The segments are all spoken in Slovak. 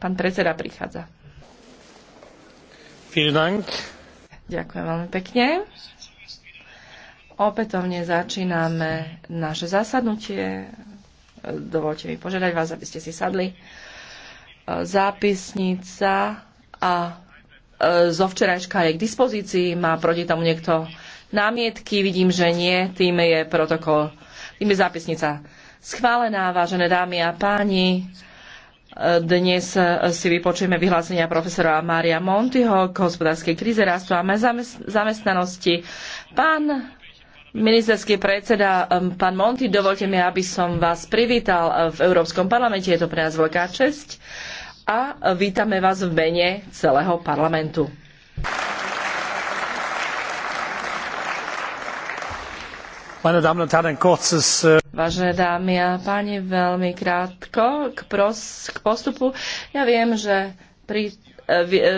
Pán predseda prichádza. Ďakujem veľmi pekne. Opätovne začíname naše zasadnutie. Dovolte mi požiadať vás, aby ste si sadli. Zápisnica a e, zo včerajška je k dispozícii. Má proti tomu niekto námietky? Vidím, že nie. Tým je protokol, tým je zápisnica schválená, vážené dámy a páni. Dnes si vypočujeme vyhlásenia profesora Mária Montyho k hospodárskej kríze rastu a zamestnanosti. Pán ministerský predseda, pán Monty, dovolte mi, aby som vás privítal v Európskom parlamente. Je to pre nás veľká česť a vítame vás v mene celého parlamentu. Äh, Vážené dámy a páni, veľmi krátko k, pros, k postupu. Ja viem, že pri, e, e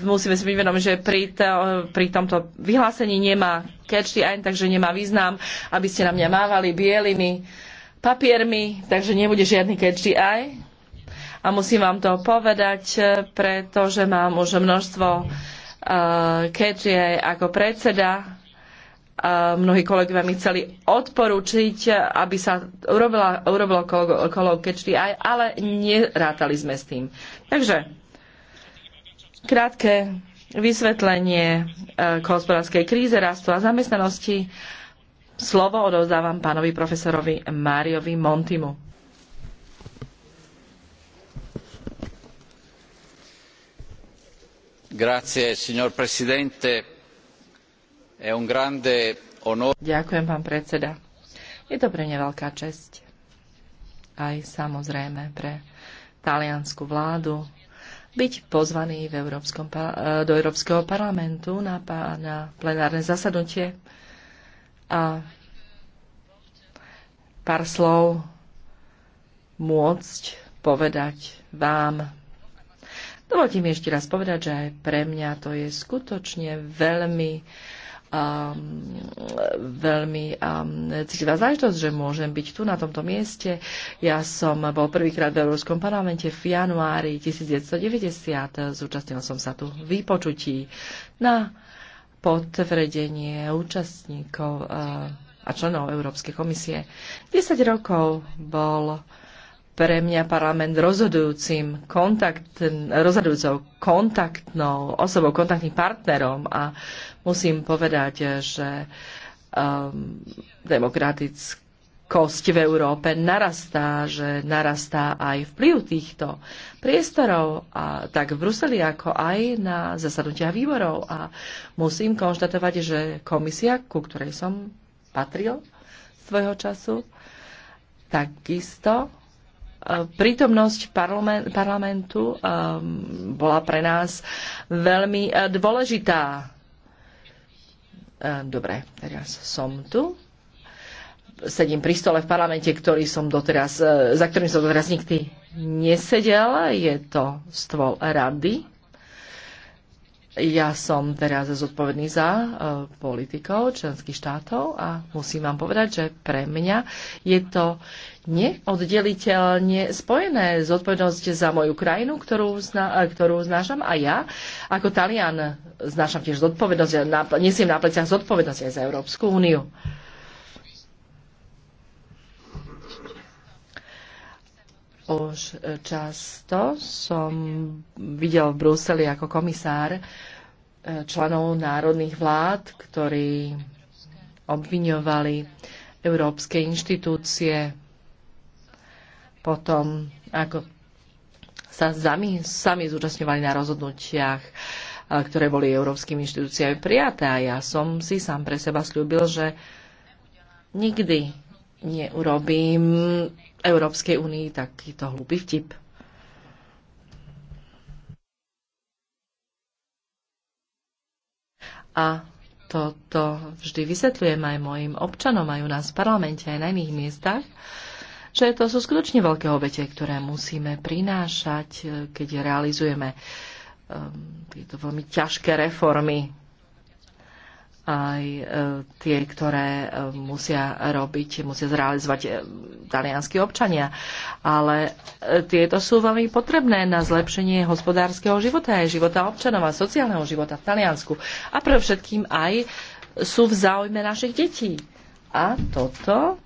musíme si byť vedomi, že pri, to, pri tomto vyhlásení nemá catch the takže nemá význam, aby ste na mňa mávali bielými papiermi, takže nebude žiadny catch the eye. A musím vám to povedať, e, pretože mám už množstvo e, catch the eye ako predseda mnohí kolegovia mi chceli odporučiť, aby sa urobila, urobilo kolo, kolo kečty aj, ale nerátali sme s tým. Takže krátke vysvetlenie k e, hospodárskej kríze, rastu a zamestnanosti. Slovo odovzdávam pánovi profesorovi Máriovi Montimu. Grazie, signor Presidente. Ďakujem, pán predseda. Je to pre mňa veľká česť. Aj samozrejme pre taliansku vládu byť pozvaný v Európskom, eh, do Európskeho parlamentu na, na plenárne zasadnutie. A pár slov môcť povedať vám. Dovolte mi ešte raz povedať, že aj pre mňa to je skutočne veľmi uh, um, veľmi um, citlivá záležitosť, že môžem byť tu na tomto mieste. Ja som bol prvýkrát v Európskom parlamente v januári 1990. Zúčastnil som sa tu výpočutí na potvrdenie účastníkov uh, a členov Európskej komisie. 10 rokov bol pre mňa parlament rozhodujúcim kontakt, rozhodujúcou kontaktnou osobou, kontaktným partnerom a musím povedať, že um, demokratickosť v Európe narastá, že narastá aj vplyv týchto priestorov, a, tak v Bruseli, ako aj na zasadnutiach výborov. A musím konštatovať, že komisia, ku ktorej som patril svojho času, takisto prítomnosť parlamentu um, bola pre nás veľmi eh, dôležitá. Eh, dobre, teraz som tu. Sedím pri stole v parlamente, ktorý som doteraz, eh, za ktorým som doteraz nikdy nesedel. Je to stôl rady ja som teraz zodpovedný za e, politikov členských štátov a musím vám povedať, že pre mňa je to neoddeliteľne spojené zodpovednosť za moju krajinu, ktorú, zna, e, ktorú znášam a ja ako Talian znášam tiež zodpovednosť, ja nesiem na pleciach zodpovednosť aj za Európsku úniu. už často som videl v Bruseli ako komisár členov národných vlád, ktorí obviňovali európske inštitúcie potom, ako sa sami, sami zúčastňovali na rozhodnutiach, e, ktoré boli európskymi inštitúciami prijaté. A ja som si sám pre seba slúbil, že nikdy neurobím Európskej únii takýto hlúpy vtip. A toto vždy vysvetľujem aj mojim občanom, aj u nás v parlamente, aj na iných miestach, že to sú skutočne veľké obete, ktoré musíme prinášať, keď realizujeme um, tieto veľmi ťažké reformy aj e, tie, ktoré e, musia robiť, musia zrealizovať e, talianskí občania. Ale tieto sú veľmi potrebné na zlepšenie hospodárskeho života, aj života občanov a sociálneho života v Taliansku. A pre všetkým aj sú v záujme našich detí. A toto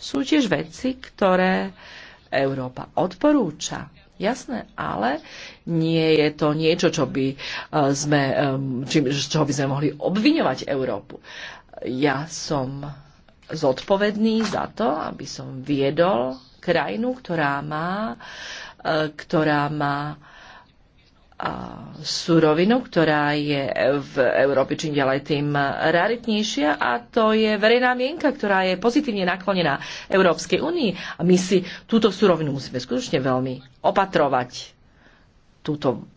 sú tiež veci, ktoré Európa odporúča Jasné, ale nie je to niečo, čo by e, sme, e, či, čo by sme mohli obviňovať Európu. Ja som zodpovedný za to, aby som viedol krajinu, ktorá má, e, ktorá má surovinu, ktorá je v Európe čím ďalej tým raritnejšia a to je verejná mienka, ktorá je pozitívne naklonená Európskej únii. A my si túto surovinu musíme skutočne veľmi opatrovať. Túto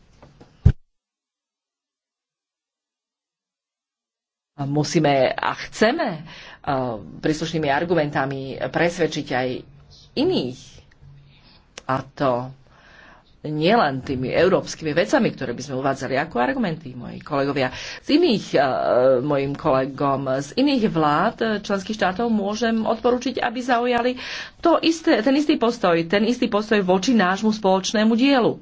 musíme a chceme príslušnými argumentami presvedčiť aj iných. A to nielen tými európskymi vecami, ktoré by sme uvádzali ako argumenty, moji kolegovia. Z iných, e, mojim kolegom z iných vlád členských štátov môžem odporučiť, aby zaujali to isté, ten istý postoj, ten istý postoj voči nášmu spoločnému dielu.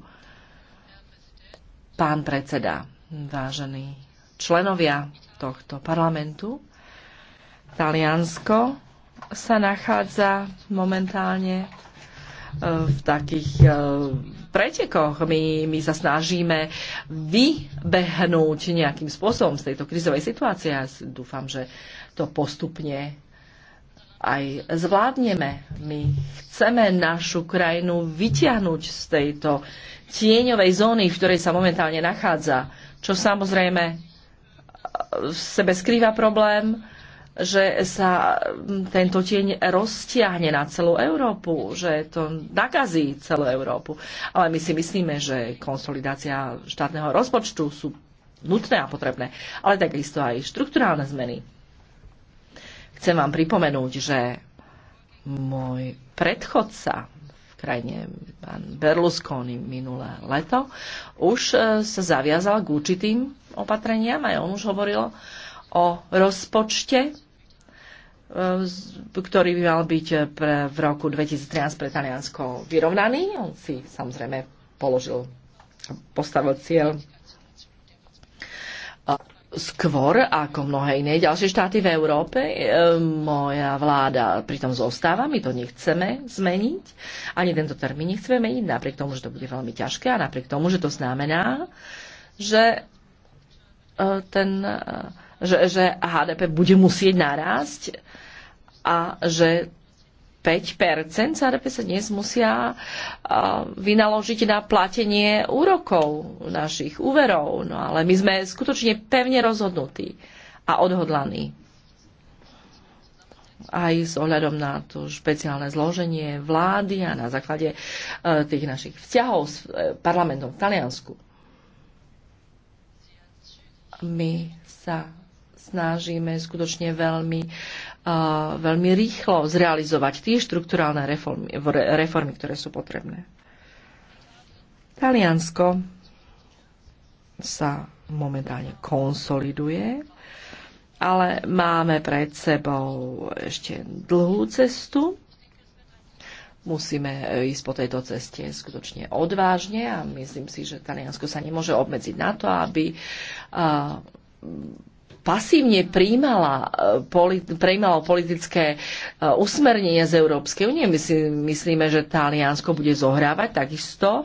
Pán predseda, vážení členovia tohto parlamentu, Taliansko sa nachádza momentálne e, v takých e, pretekoch. My, my sa snažíme vybehnúť nejakým spôsobom z tejto krizovej situácie a ja dúfam, že to postupne aj zvládneme. My chceme našu krajinu vyťahnuť z tejto tieňovej zóny, v ktorej sa momentálne nachádza, čo samozrejme e, v sebe skrýva problém, že sa mm, tento tieň roztiahne na celú Európu, že to nakazí celú Európu. Ale my si myslíme, že konsolidácia štátneho rozpočtu sú nutné a potrebné, ale takisto aj štruktúrálne zmeny. Chcem vám pripomenúť, že môj predchodca v krajine, pán Berlusconi, minulé leto, už e, sa zaviazal k určitým opatreniam, aj on už hovoril o rozpočte E, ktorý by mal byť e, pre, v roku 2013 pre Taliansko vyrovnaný. On si samozrejme položil, postavil cieľ e, skôr ako mnohé iné ďalšie štáty v Európe. Moja vláda pritom zostáva, my to nechceme zmeniť. Ani tento termín nechceme meniť, napriek tomu, že to bude veľmi ťažké a napriek tomu, že to znamená, že ten že, že HDP bude musieť narásť a že 5% z HDP sa dnes musia vynaložiť na platenie úrokov našich úverov. No ale my sme skutočne pevne rozhodnutí a odhodlaní. Aj s ohľadom na to špeciálne zloženie vlády a na základe e, tých našich vzťahov s e, parlamentom v Taliansku. My sa snažíme skutočne veľmi, veľmi rýchlo zrealizovať tie štrukturálne reformy, reformy, ktoré sú potrebné. Taliansko sa momentálne konsoliduje, ale máme pred sebou ešte dlhú cestu. Musíme ísť po tejto ceste skutočne odvážne a myslím si, že Taliansko sa nemôže obmedziť na to, aby pasívne príjmala, eh, príjmalo politické eh, usmernenia z Európskej únie. My si myslíme, že Taliansko bude zohrávať takisto eh,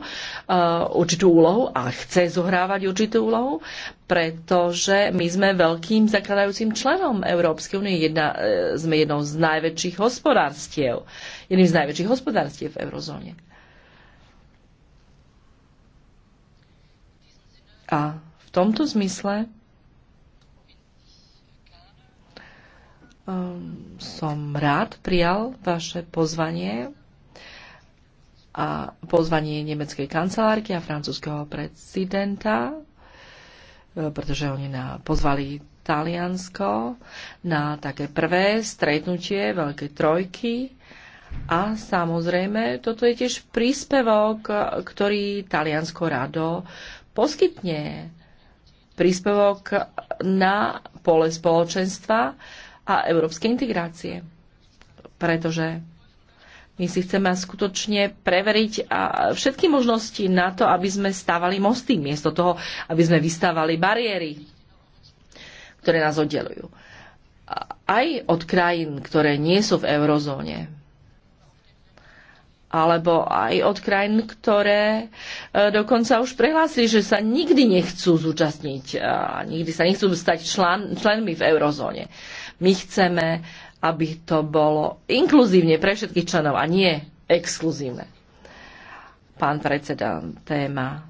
určitú úlohu a chce zohrávať určitú úlohu, pretože my sme veľkým zakladajúcim členom Európskej únie. Jedna, sme jednou z najväčších hospodárstiev. Jedným z najväčších hospodárstiev v eurozóne. A v tomto zmysle Ehm, som rád prijal vaše pozvanie a pozvanie nemeckej kancelárky a francúzského prezidenta, e, pretože oni na, pozvali Taliansko na také prvé stretnutie Veľkej trojky. A samozrejme, toto je tiež príspevok, ktorý Taliansko rado poskytne. Príspevok na pole spoločenstva, a európskej integrácie. Pretože my si chceme skutočne preveriť všetky možnosti na to, aby sme stávali mosty, miesto toho, aby sme vystávali bariéry, ktoré nás oddelujú. Aj od krajín, ktoré nie sú v eurozóne, alebo aj od krajín, ktoré e, dokonca už prehlásili, že sa nikdy nechcú zúčastniť, a nikdy sa nechcú stať člen, členmi v eurozóne. My chceme, aby to bolo inkluzívne pre všetkých členov a nie exkluzívne. Pán predseda, téma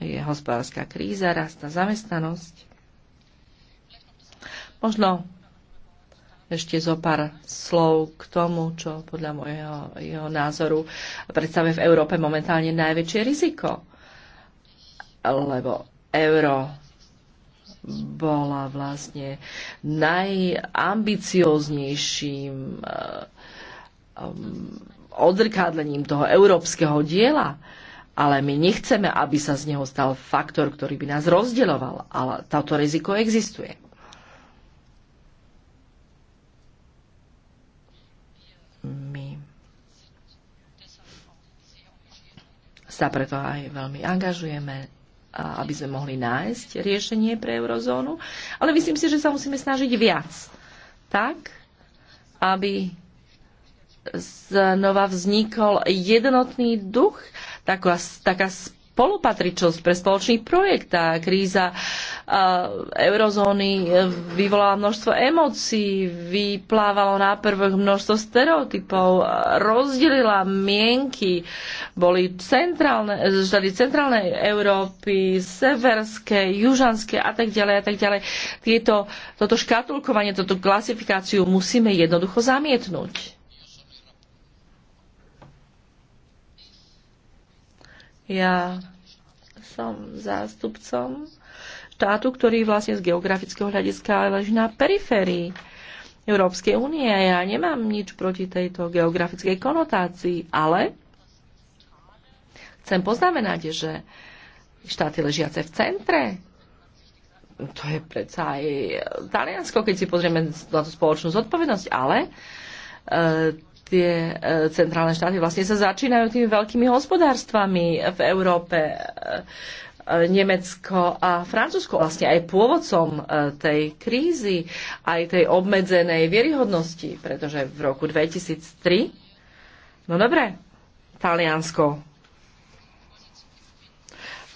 je hospodárska kríza, rastá zamestnanosť. Možno ešte zo pár slov k tomu, čo podľa môjho jeho názoru predstavuje v Európe momentálne najväčšie riziko. Lebo euro bola vlastne najambicioznejším eh, um, odrkádlením toho európskeho diela. Ale my nechceme, aby sa z neho stal faktor, ktorý by nás rozdieloval, Ale táto riziko existuje. My sa preto aj veľmi angažujeme aby sme mohli nájsť riešenie pre eurozónu, ale myslím si, že sa musíme snažiť viac. Tak, aby znova vznikol jednotný duch, taká, taká spolupatričnosť, pre spoločný projekt. Tá kríza eurozóny e, vyvolala množstvo emócií, vyplávalo na prvých množstvo stereotypov, rozdelila mienky, boli centrálne, centrálnej Európy, severské, južanské a tak ďalej a tak ďalej. Tieto, toto škatulkovanie, toto klasifikáciu musíme jednoducho zamietnúť. Ja som zástupcom štátu, ktorý vlastne z geografického hľadiska leží na periférii Európskej únie. Ja nemám nič proti tejto geografickej konotácii, ale chcem poznamenať, že štáty ležiace v centre to je predsa aj Taliansko, keď si pozrieme na tú spoločnú zodpovednosť, ale e, tie e, centrálne štáty vlastne sa začínajú tými veľkými hospodárstvami v Európe. E, e, Nemecko a Francúzsko vlastne aj pôvodcom tej krízy, aj tej obmedzenej vieryhodnosti, pretože v roku 2003, no dobre, Taliansko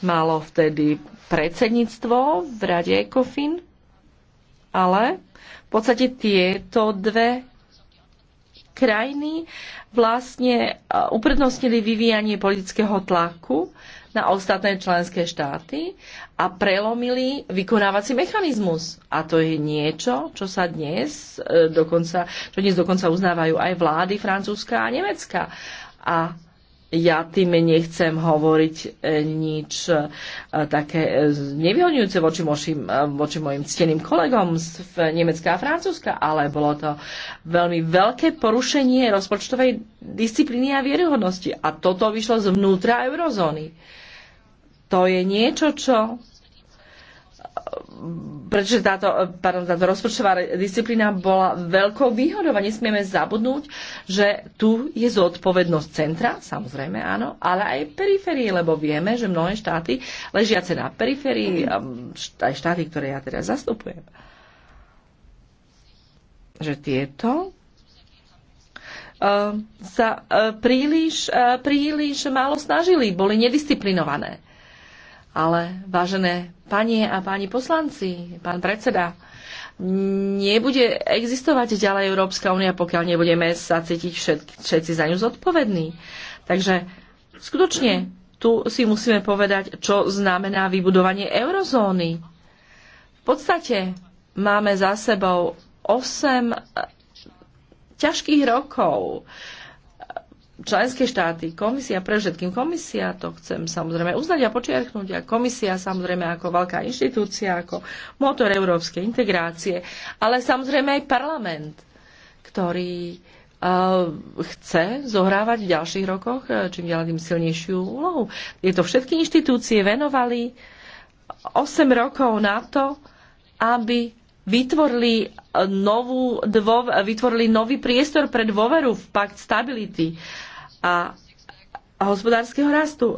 malo vtedy predsedníctvo v rade ECOFIN, ale v podstate tieto dve krajiny vlastne e, uprednostnili vyvíjanie politického tlaku na ostatné členské štáty a prelomili vykonávací mechanizmus. A to je niečo, čo sa dnes e, dokonca, čo dnes dokonca uznávajú aj vlády Francúzska a Nemecka. A ja tým nechcem hovoriť e, nič e, také e, nevyhodňujúce voči, mošim, voči mojim cteným kolegom z Nemecka a Francúzska, ale bolo to veľmi veľké porušenie rozpočtovej disciplíny a vieryhodnosti. A toto vyšlo zvnútra eurozóny. To je niečo, čo pretože táto, pardon, táto rozpočtová disciplína bola veľkou výhodou a nesmieme zabudnúť, že tu je zodpovednosť centra, samozrejme áno, ale aj periférie, lebo vieme, že mnohé štáty ležiace na periférii, um, aj štáty, ktoré ja teraz zastupujem, že tieto um, sa uh, príliš, uh, príliš málo snažili, boli nedisciplinované ale vážené panie a páni poslanci, pán predseda, nebude existovať ďalej Európska únia, pokiaľ nebudeme sa cítiť všetci, všetci za ňu zodpovední. Takže skutočne tu si musíme povedať, čo znamená vybudovanie eurozóny. V podstate máme za sebou 8 ťažkých rokov členské štáty, komisia, pre všetkým komisia, to chcem samozrejme uznať a počiarknúť, a komisia samozrejme ako veľká inštitúcia, ako motor európskej integrácie, ale samozrejme aj parlament, ktorý e, chce zohrávať v ďalších rokoch e, čím ďalej tým silnejšiu úlohu. Je to všetky inštitúcie venovali 8 rokov na to, aby vytvorili, e, novú, dvo, e, vytvorili nový priestor pre dôveru v pakt stability a, hospodárskeho rastu.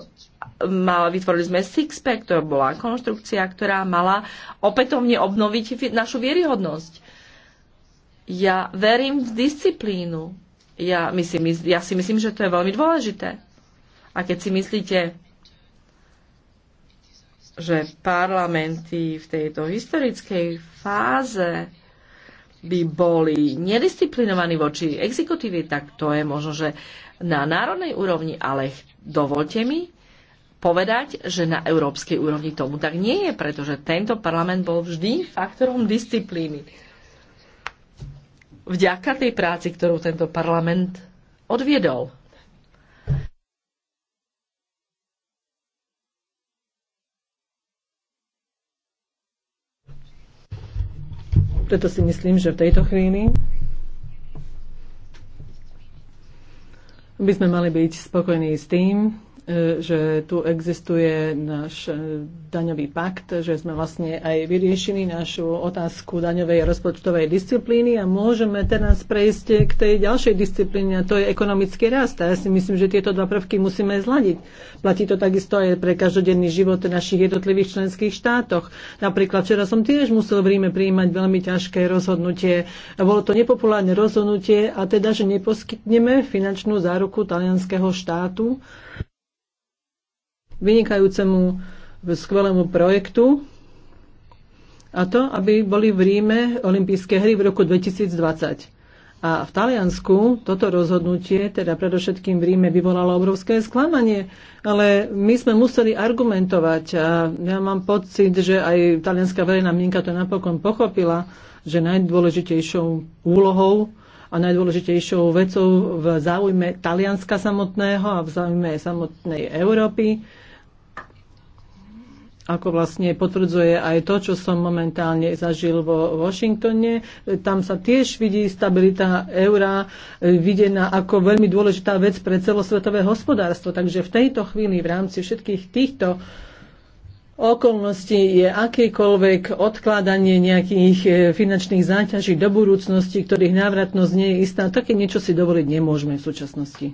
Mal, vytvorili sme Sixpack, to bola konštrukcia, ktorá mala opätovne obnoviť našu vieryhodnosť. Ja verím v disciplínu. Ja, myslím, ja si myslím, že to je veľmi dôležité. A keď si myslíte, že parlamenty v tejto historickej fáze by boli nedisciplinovaní voči exekutíve, tak to je možno, že na národnej úrovni, ale dovolte mi povedať, že na európskej úrovni tomu tak nie je, pretože tento parlament bol vždy faktorom disciplíny. Vďaka tej práci, ktorú tento parlament odviedol. Preto si myslím, že v tejto chvíli by sme mali byť spokojní s tým, E, že tu existuje náš e, daňový pakt, že sme vlastne aj vyriešili našu otázku daňovej a rozpočtovej disciplíny a môžeme teraz prejsť k tej ďalšej disciplíne a to je ekonomický rast. A ja si myslím, že tieto dva prvky musíme zladiť. Platí to takisto aj pre každodenný život našich jednotlivých členských štátoch. Napríklad včera som tiež musel v Ríme príjmať veľmi ťažké rozhodnutie. Bolo to nepopulárne rozhodnutie a teda, že neposkytneme finančnú záruku talianského štátu vynikajúcemu skvelému projektu a to, aby boli v Ríme olympijské hry v roku 2020. A v Taliansku toto rozhodnutie, teda predovšetkým v Ríme, vyvolalo obrovské sklamanie, ale my sme museli argumentovať a ja mám pocit, že aj talianská verejná mienka to napokon pochopila, že najdôležitejšou úlohou a najdôležitejšou vecou v záujme Talianska samotného a v záujme samotnej Európy ako vlastne potvrdzuje aj to, čo som momentálne zažil vo Washingtone. Tam sa tiež vidí stabilita eura e, videná ako veľmi dôležitá vec pre celosvetové hospodárstvo. Takže v tejto chvíli v rámci všetkých týchto okolností je akékoľvek odkladanie nejakých e, finančných záťaží do budúcnosti, ktorých návratnosť nie je istá, také niečo si dovoliť nemôžeme v súčasnosti.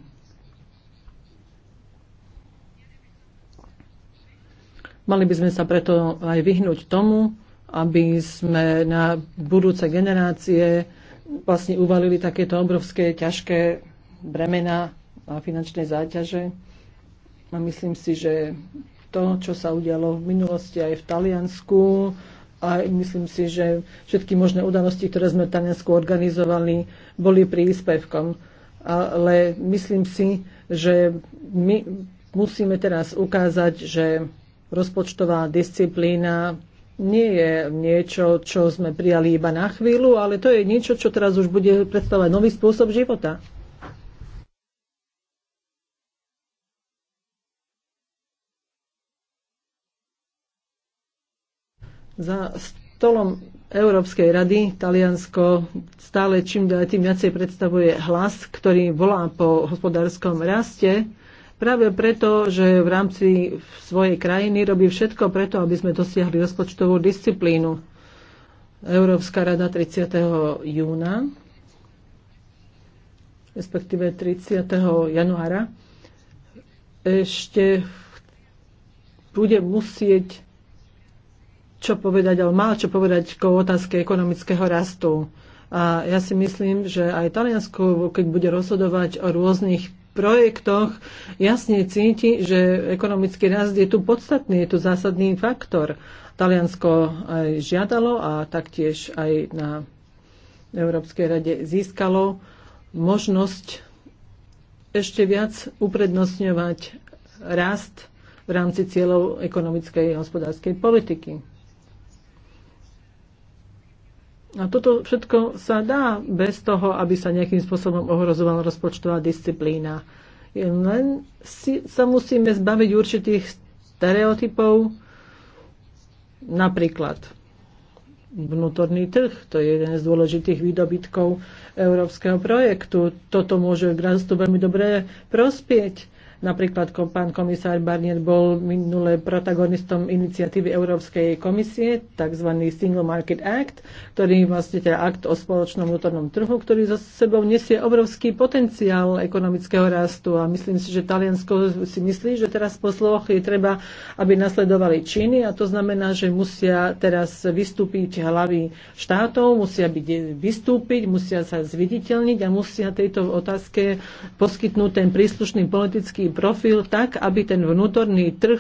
Mali by sme sa preto aj vyhnúť tomu, aby sme na budúce generácie vlastne uvalili takéto obrovské, ťažké bremena a finančné záťaže. A myslím si, že to, čo sa udialo v minulosti aj v Taliansku, a myslím si, že všetky možné udalosti, ktoré sme v Taliansku organizovali, boli príspevkom. Ale myslím si, že my musíme teraz ukázať, že rozpočtová disciplína nie je niečo, čo sme prijali iba na chvíľu, ale to je niečo, čo teraz už bude predstavovať nový spôsob života. Za stolom Európskej rady Taliansko stále čím ďalej tým viacej predstavuje hlas, ktorý volá po hospodárskom raste práve preto, že v rámci svojej krajiny robí všetko preto, aby sme dosiahli rozpočtovú disciplínu. Európska rada 30. júna, respektíve 30. januára, ešte bude musieť čo povedať, alebo mal čo povedať k otázke ekonomického rastu. A ja si myslím, že aj Taliansko, keď bude rozhodovať o rôznych projektoch jasne cíti, že ekonomický rast je tu podstatný, je tu zásadný faktor. Taliansko aj žiadalo a taktiež aj na Európskej rade získalo možnosť ešte viac uprednostňovať rast v rámci cieľov ekonomickej a hospodárskej politiky. A toto všetko sa dá bez toho, aby sa nejakým spôsobom ohrozovala rozpočtová disciplína. Len si, sa musíme zbaviť určitých stereotypov, napríklad vnútorný trh, to je jeden z dôležitých výdobytkov európskeho projektu. Toto môže v veľmi dobre prospieť Napríklad pán komisár Barnier bol minule protagonistom iniciatívy Európskej komisie, tzv. Single Market Act, ktorý vlastne teda akt o spoločnom vnútornom trhu, ktorý za sebou nesie obrovský potenciál ekonomického rastu a myslím si, že Taliansko si myslí, že teraz po slovoch je treba, aby nasledovali činy a to znamená, že musia teraz vystúpiť hlavy štátov, musia byť vystúpiť, musia sa zviditeľniť a musia tejto otázke poskytnúť ten príslušný politický profil tak, aby ten vnútorný trh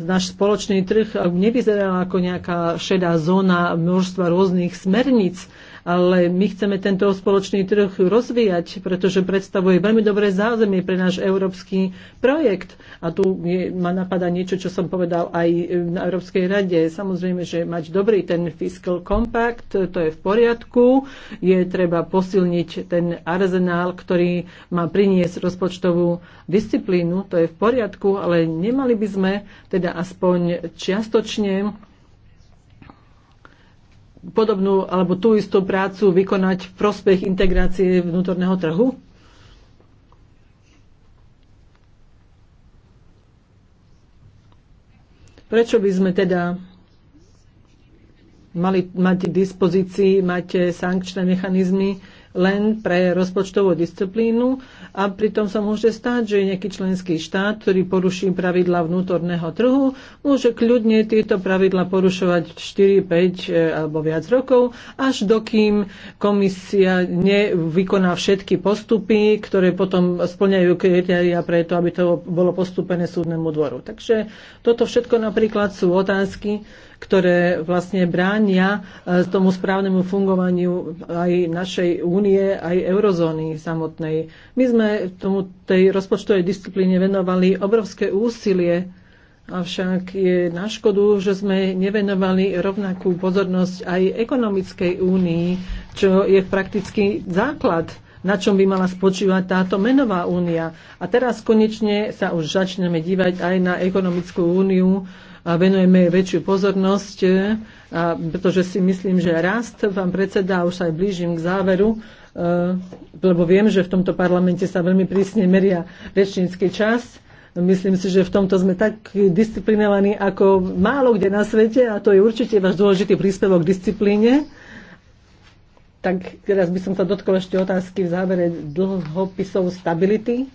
náš spoločný trh nevyzeral ako nejaká šedá zóna množstva rôznych smerníc, ale my chceme tento spoločný trh rozvíjať, pretože predstavuje veľmi dobré zázemie pre náš európsky projekt. A tu je, ma napadá niečo, čo som povedal aj na Európskej rade. Samozrejme, že mať dobrý ten fiscal compact, to je v poriadku. Je treba posilniť ten arzenál, ktorý má priniesť rozpočtovú disciplínu, to je v poriadku, ale nemali by sme teda aspoň čiastočne podobnú alebo tú istú prácu vykonať v prospech integrácie vnútorného trhu? Prečo by sme teda mali mať k dispozícii, mať sankčné mechanizmy, len pre rozpočtovú disciplínu a pritom sa môže stať, že nejaký členský štát, ktorý poruší pravidla vnútorného trhu, môže kľudne tieto pravidla porušovať 4, 5 e, alebo viac rokov, až dokým komisia nevykoná všetky postupy, ktoré potom splňajú kritéria preto, aby to bolo postúpené súdnemu dvoru. Takže toto všetko napríklad sú otázky, ktoré vlastne bránia e, tomu správnemu fungovaniu aj našej únie, aj eurozóny samotnej. My sme tomu tej rozpočtovej disciplíne venovali obrovské úsilie, avšak je na škodu, že sme nevenovali rovnakú pozornosť aj ekonomickej únii, čo je prakticky základ na čom by mala spočívať táto menová únia. A teraz konečne sa už začneme dívať aj na ekonomickú úniu a venujeme väčšiu pozornosť, e, a pretože si myslím, že rast, vám predseda, už sa aj blížim k záveru, e, lebo viem, že v tomto parlamente sa veľmi prísne meria rečnícky čas. Myslím si, že v tomto sme tak disciplinovaní ako málo kde na svete a to je určite váš dôležitý príspevok k disciplíne. Tak teraz by som sa dotkol ešte otázky v závere dlhopisov stability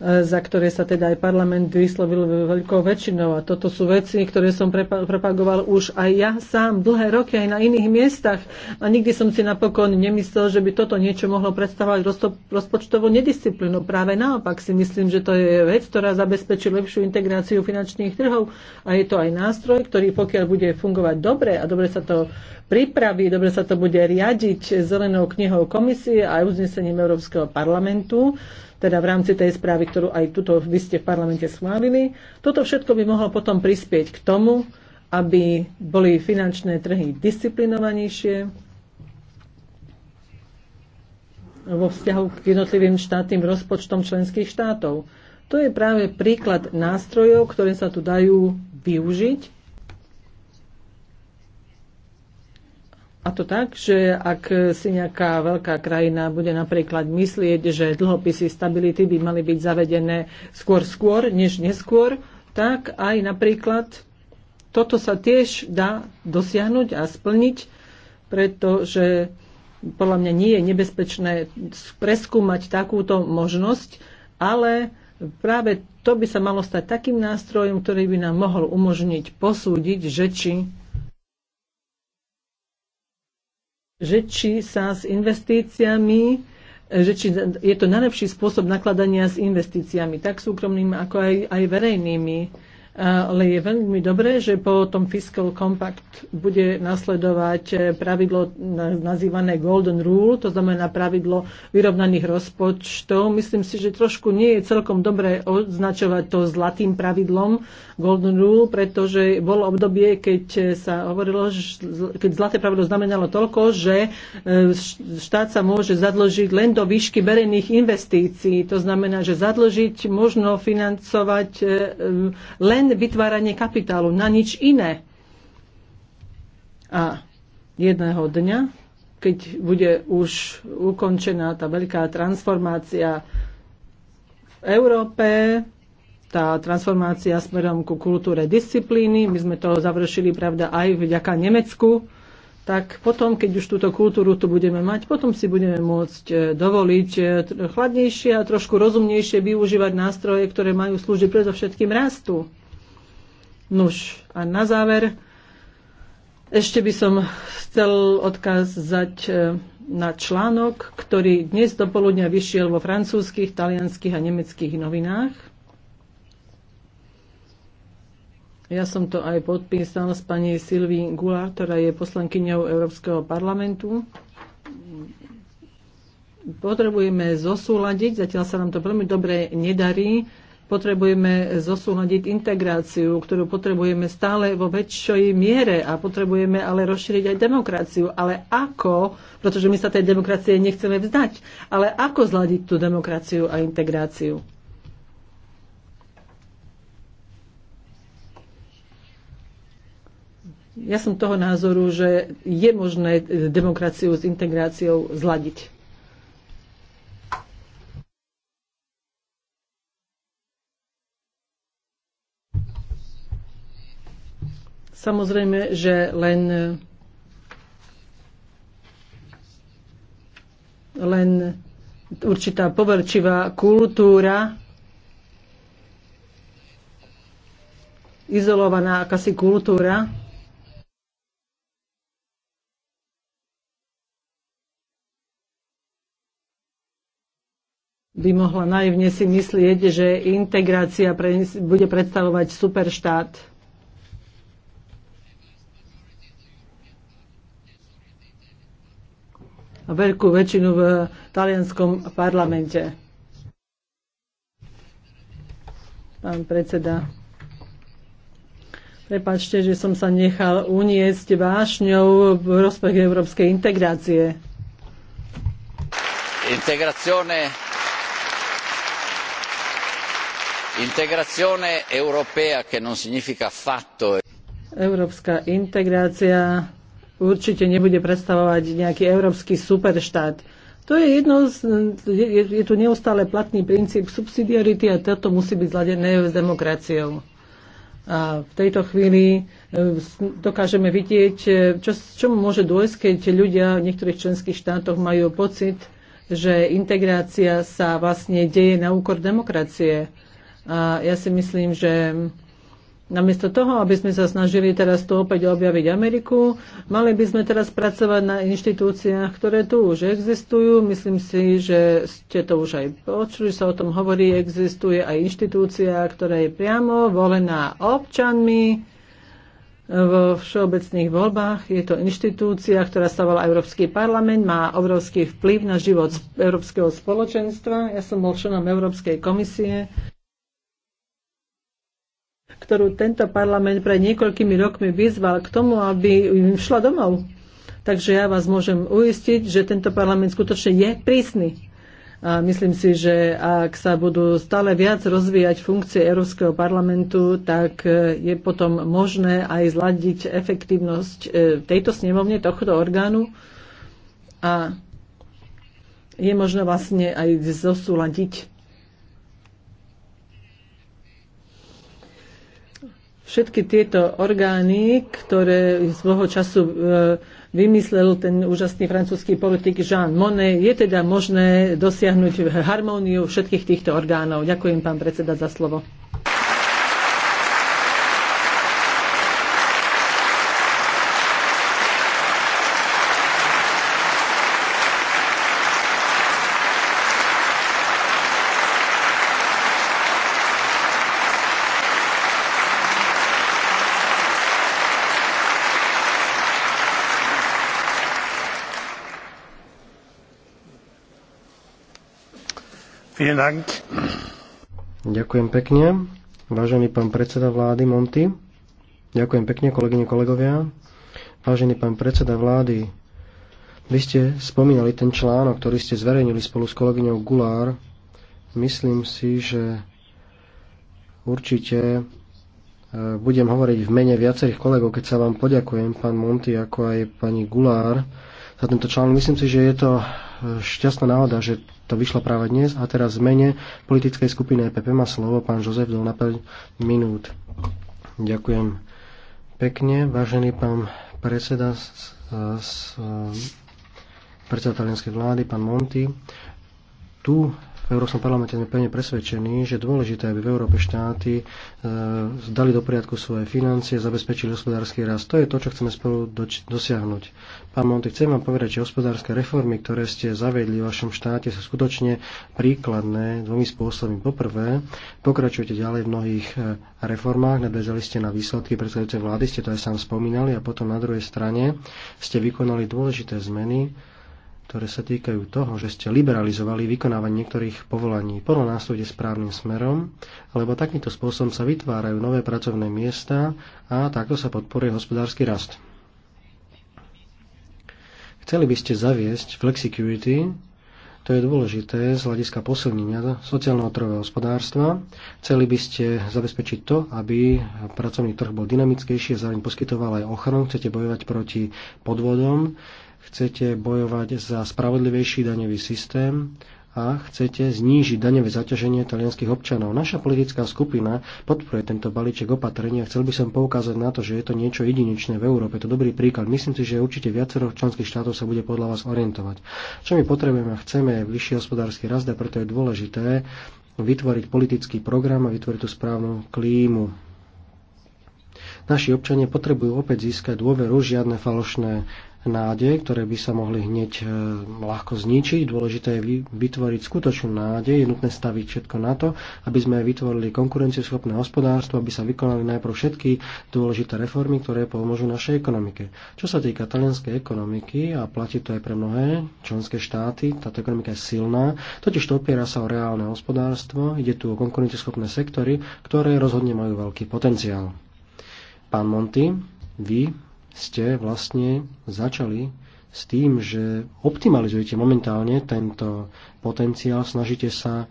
E, za ktoré sa teda aj parlament vyslovil veľkou väčšinou. A toto sú veci, ktoré som propagoval už aj ja sám dlhé roky aj na iných miestach. A nikdy som si napokon nemyslel, že by toto niečo mohlo predstavovať rozpočtovú nedisciplínu. Práve naopak si myslím, že to je vec, ktorá zabezpečí lepšiu integráciu finančných trhov a je to aj nástroj, ktorý pokiaľ bude fungovať dobre a dobre sa to pripraví, dobre sa to bude riadiť zelenou knihou komisie a uznesením Európskeho parlamentu, teda v rámci tej správy, ktorú aj tuto vy ste v parlamente schválili. Toto všetko by mohlo potom prispieť k tomu, aby boli finančné trhy disciplinovanejšie vo vzťahu k jednotlivým štátnym rozpočtom členských štátov. To je práve príklad nástrojov, ktoré sa tu dajú využiť A to tak, že ak si nejaká veľká krajina bude napríklad myslieť, že dlhopisy stability by mali byť zavedené skôr skôr než neskôr, tak aj napríklad toto sa tiež dá dosiahnuť a splniť, pretože podľa mňa nie je nebezpečné preskúmať takúto možnosť, ale práve to by sa malo stať takým nástrojom, ktorý by nám mohol umožniť posúdiť, že či že či sa s investíciami že či je to najlepší spôsob nakladania s investíciami, tak súkromnými ako aj, aj verejnými ale je veľmi dobré, že po tom Fiscal Compact bude nasledovať eh, pravidlo nazývané Golden Rule, to znamená pravidlo vyrovnaných rozpočtov. Myslím si, že trošku nie je celkom dobré označovať to zlatým pravidlom Golden Rule, pretože bolo obdobie, keď eh, sa hovorilo, keď zlaté pravidlo znamenalo toľko, že eh, štát sa môže zadložiť len do výšky verejných investícií. To znamená, že zadložiť možno financovať len len vytváranie kapitálu, na nič iné. A jedného dňa, keď bude už ukončená tá veľká transformácia v Európe, tá transformácia smerom ku kultúre disciplíny, my sme to završili, pravda, aj vďaka Nemecku, tak potom, keď už túto kultúru tu budeme mať, potom si budeme môcť e, dovoliť e, chladnejšie a trošku rozumnejšie využívať nástroje, ktoré majú slúžiť predovšetkým rastu. Nuž a na záver ešte by som chcel odkázať e, na článok, ktorý dnes do poludnia vyšiel vo francúzskych, talianských a nemeckých novinách. Ja som to aj podpísal s pani Silví Gula, ktorá je poslankyňou Európskeho parlamentu. Potrebujeme zosúľadiť, zatiaľ sa nám to veľmi dobre nedarí, potrebujeme zosúhľadiť integráciu, ktorú potrebujeme stále vo väčšej miere a potrebujeme ale rozšíriť aj demokraciu. Ale ako, pretože my sa tej demokracie nechceme vzdať, ale ako zladiť tú demokraciu a integráciu? Ja som toho názoru, že je možné demokraciu s integráciou zladiť. Samozrejme, že len len určitá poverčivá kultúra, izolovaná akási kultúra, by mohla naivne si myslieť, že integrácia pre, bude predstavovať superštát. veľkú väčšinu v talianskom parlamente. Pán predseda, prepačte, že som sa nechal uniesť vášňou v rozpech európskej integrácie. Integrazione Integrazione europea che non significa affatto Európska integrácia určite nebude predstavovať nejaký európsky superštát. To je jedno, z, je, je tu neustále platný princíp subsidiarity a toto musí byť zladené s demokraciou. A v tejto chvíli e, dokážeme vidieť, e, čo, čo môže dôjsť, keď ľudia v niektorých členských štátoch majú pocit, že integrácia sa vlastne deje na úkor demokracie. A ja si myslím, že Namiesto toho, aby sme sa snažili teraz tu opäť objaviť Ameriku, mali by sme teraz pracovať na inštitúciách, ktoré tu už existujú. Myslím si, že ste to už aj počuli, sa o tom hovorí, existuje aj inštitúcia, ktorá je priamo volená občanmi vo všeobecných voľbách. Je to inštitúcia, ktorá sa volá Európsky parlament, má obrovský vplyv na život Európskeho spoločenstva. Ja som bol členom Európskej komisie ktorú tento parlament pred niekoľkými rokmi vyzval k tomu, aby im šla domov. Takže ja vás môžem uistiť, že tento parlament skutočne je prísny. A myslím si, že ak sa budú stále viac rozvíjať funkcie Európskeho parlamentu, tak e, je potom možné aj zladiť efektívnosť e, tejto snemovne, tohto orgánu a je možno vlastne aj zosúľadiť všetky tieto orgány, ktoré z dlho času e, vymyslel ten úžasný francúzsky politik Jean Monnet, je teda možné dosiahnuť harmóniu všetkých týchto orgánov. Ďakujem, pán predseda, za slovo. Ďakujem pekne. Vážený pán predseda vlády Monty, ďakujem pekne, kolegyne, kolegovia. Vážený pán predseda vlády, vy ste spomínali ten článok, ktorý ste zverejnili spolu s kolegyňou Gulár. Myslím si, že určite e, budem hovoriť v mene viacerých kolegov, keď sa vám poďakujem, pán Monty, ako aj pani Gulár, za tento článok. Myslím si, že je to šťastná náhoda, že to vyšlo práve dnes a teraz v mene politickej skupiny EPP má slovo pán Jozef do na 5 minút. Ďakujem pekne, vážený pán predseda z, z, predseda talianskej vlády, pán Monti. Tu v Európskom parlamente sme pevne presvedčení, že dôležité, aby v Európe štáty e, dali do poriadku svoje financie, zabezpečili hospodársky rast. To je to, čo chceme spolu doč- dosiahnuť. Pán Monty, chcem vám povedať, že hospodárske reformy, ktoré ste zaviedli v vašom štáte, sú skutočne príkladné dvomi spôsobmi. Poprvé, pokračujete ďalej v mnohých e, reformách, nadvezali ste na výsledky predchádzajúcej vlády, ste to aj sám spomínali, a potom na druhej strane ste vykonali dôležité zmeny, ktoré sa týkajú toho, že ste liberalizovali vykonávanie niektorých povolaní. Podľa nás to ide správnym smerom, lebo takýmto spôsobom sa vytvárajú nové pracovné miesta a takto sa podporuje hospodársky rast. Chceli by ste zaviesť flexicurity, to je dôležité z hľadiska posilnenia sociálneho trhového hospodárstva. Chceli by ste zabezpečiť to, aby pracovný trh bol dynamickejší a zároveň poskytoval aj ochranu. Chcete bojovať proti podvodom chcete bojovať za spravodlivejší daňový systém a chcete znížiť daňové zaťaženie talianských občanov. Naša politická skupina podporuje tento balíček opatrenia. Chcel by som poukázať na to, že je to niečo jedinečné v Európe. To dobrý príklad. Myslím si, že určite viacero členských štátov sa bude podľa vás orientovať. Čo my potrebujeme a chceme je vyšší hospodársky rast a preto je dôležité vytvoriť politický program a vytvoriť tú správnu klímu. Naši občania potrebujú opäť získať dôveru, žiadne falošné nádej, ktoré by sa mohli hneď e, ľahko zničiť. Dôležité je vytvoriť skutočnú nádej, je nutné staviť všetko na to, aby sme vytvorili konkurencieschopné hospodárstvo, aby sa vykonali najprv všetky dôležité reformy, ktoré pomôžu našej ekonomike. Čo sa týka talianskej ekonomiky, a platí to aj pre mnohé členské štáty, táto ekonomika je silná, totiž to opiera sa o reálne hospodárstvo, ide tu o konkurencieschopné sektory, ktoré rozhodne majú veľký potenciál. Pán Monty, vy ste vlastne začali s tým, že optimalizujete momentálne tento potenciál, snažíte sa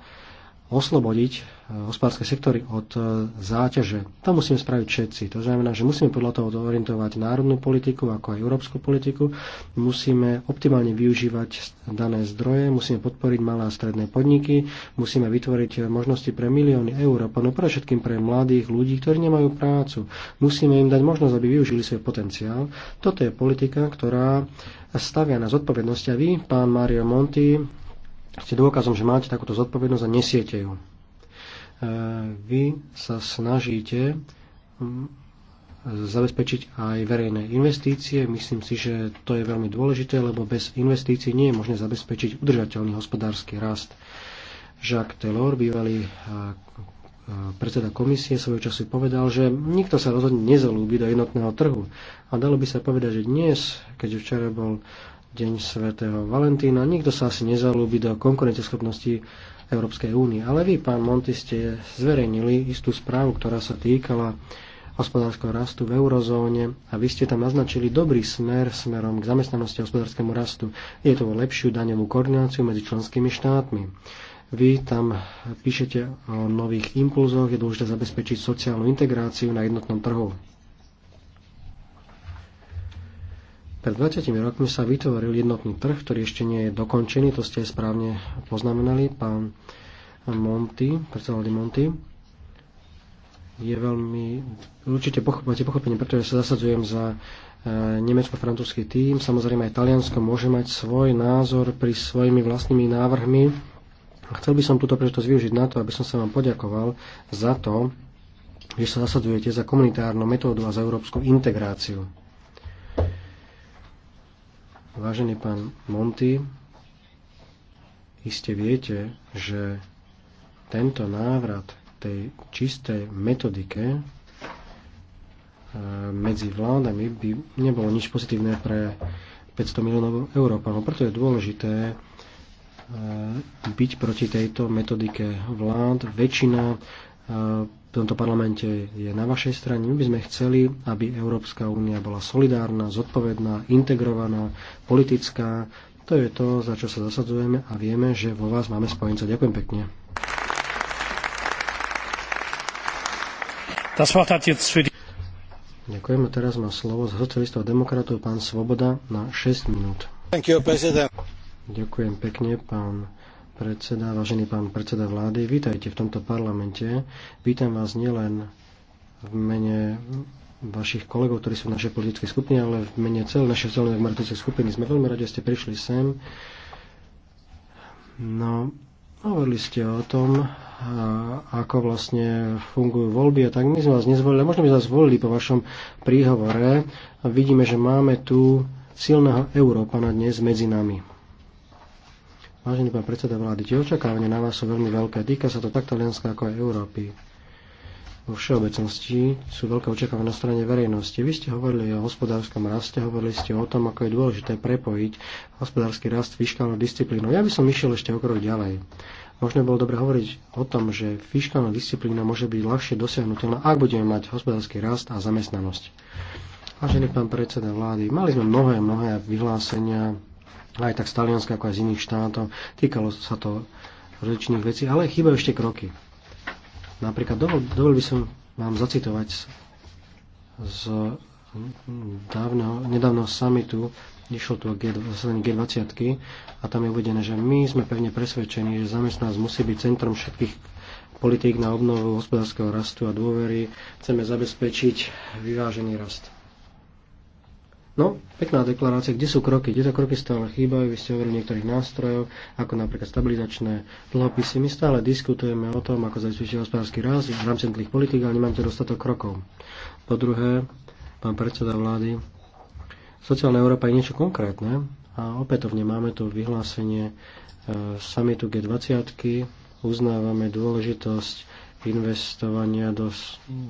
oslobodiť e, hospodárske sektory od e, záťaže. To musíme spraviť všetci. To znamená, že musíme podľa toho orientovať národnú politiku, ako aj európsku politiku. Musíme optimálne využívať dané zdroje, musíme podporiť malé a stredné podniky, musíme vytvoriť možnosti pre milióny eur, no pre všetkým pre mladých ľudí, ktorí nemajú prácu. Musíme im dať možnosť, aby využili svoj potenciál. Toto je politika, ktorá stavia na zodpovednosti a vy, pán Mario Monti, ste dôkazom, že máte takúto zodpovednosť a nesiete ju. E, vy sa snažíte mm, zabezpečiť aj verejné investície. Myslím si, že to je veľmi dôležité, lebo bez investícií nie je možné zabezpečiť udržateľný hospodársky rast. Jacques Taylor, bývalý e, predseda komisie, svojho času povedal, že nikto sa rozhodne nezalúbi do jednotného trhu. A dalo by sa povedať, že dnes, keďže včera bol Deň svätého Valentína. Nikto sa asi nezalúbi do konkurenceschopnosti Európskej únie. Ale vy, pán Monty, ste zverejnili istú správu, ktorá sa týkala hospodárskeho rastu v eurozóne a vy ste tam naznačili dobrý smer smerom k zamestnanosti a hospodárskému rastu. Je to lepšiu daňovú koordináciu medzi členskými štátmi. Vy tam píšete o nových impulzoch, je dôležité zabezpečiť sociálnu integráciu na jednotnom trhu. Pred 20 rokmi sa vytvoril jednotný trh, ktorý ešte nie je dokončený, to ste správne poznamenali, pán Monty, predseda Monty. Je veľmi, určite pochop, máte pochopenie, pretože sa zasadzujem za e, nemecko-francúzsky tým. Samozrejme aj Taliansko môže mať svoj názor pri svojimi vlastnými návrhmi. Chcel by som túto príležitosť využiť na to, aby som sa vám poďakoval za to, že sa zasadzujete za komunitárnu metódu a za európsku integráciu. Vážený pán Monty, iste viete, že tento návrat tej čistej metodike e, medzi vládami by nebolo nič pozitívne pre 500 miliónov Európanov. Preto je dôležité e, byť proti tejto metodike vlád. Väčšina e, v tomto parlamente je na vašej strane. My by sme chceli, aby Európska únia bola solidárna, zodpovedná, integrovaná, politická. To je to, za čo sa zasadzujeme a vieme, že vo vás máme spojenca. Ďakujem pekne. Ďakujem. teraz má slovo z socialistov demokratov pán Svoboda na 6 minút. You, Ďakujem pekne, pán predseda, vážený pán predseda vlády, vítajte v tomto parlamente. Vítam vás nielen v mene vašich kolegov, ktorí sú v našej politickej skupine, ale v mene celej našej celej demokratickej skupiny. Sme veľmi radi, že ste prišli sem. No, hovorili ste o tom, ako vlastne fungujú voľby a tak. My sme vás nezvolili, možno by sme vás zvolili po vašom príhovore. a Vidíme, že máme tu silného Európana dnes medzi nami. Vážený pán predseda vlády, tie očakávania na vás sú veľmi veľké. Týka sa to tak Talianska ako aj Európy. Vo všeobecnosti sú veľké očakávania na strane verejnosti. Vy ste hovorili o hospodárskom raste, hovorili ste o tom, ako je dôležité prepojiť hospodársky rast fiskálnou disciplínou. Ja by som išiel ešte o krok ďalej. Možno bolo dobre hovoriť o tom, že fiskálna disciplína môže byť ľahšie dosiahnutelná, ak budeme mať hospodársky rast a zamestnanosť. Vážený pán predseda vlády, mali sme mnohé, mnohé vyhlásenia, aj tak z Talianska, ako aj z iných štátov. Týkalo sa to rozličných vecí, ale chýbajú ešte kroky. Napríklad dovol, dovol by som vám zacitovať z, z dávneho, nedávneho summitu, išlo tu o zasadanie G20 a tam je uvedené, že my sme pevne presvedčení, že zamestnanosť musí byť centrom všetkých politík na obnovu hospodárskeho rastu a dôvery. Chceme zabezpečiť vyvážený rast. No, pekná deklarácia, kde sú kroky? kde Tieto kroky stále chýbajú, vy ste hovorili niektorých nástrojov, ako napríklad stabilizačné dlhopisy. My stále diskutujeme o tom, ako zabezpečiť hospodársky rast v rámci tých politik, ale nemáme tu dostatok krokov. Po druhé, pán predseda vlády, sociálna Európa je niečo konkrétne a opätovne máme tu vyhlásenie e, samitu G20, uznávame dôležitosť investovania do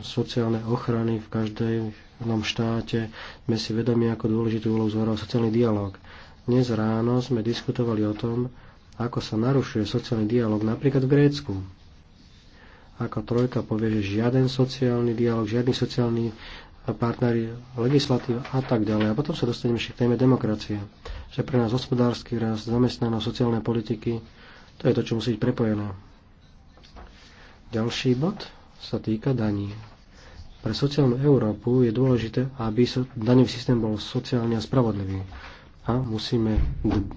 sociálnej ochrany v každom štáte sme si vedomi, ako dôležitú úlohu zohral sociálny dialog. Dnes ráno sme diskutovali o tom, ako sa narušuje sociálny dialog napríklad v Grécku. Ako trojka povie, že žiaden sociálny dialog, žiadny sociálny partneri, legislatív a tak ďalej. A potom sa dostaneme ešte k téme demokracie. Že pre nás hospodársky rast, zamestnanosť, sociálne politiky, to je to, čo musí byť prepojené. Ďalší bod sa týka daní. Pre sociálnu Európu je dôležité, aby daňový systém bol sociálne a spravodlivý. A musíme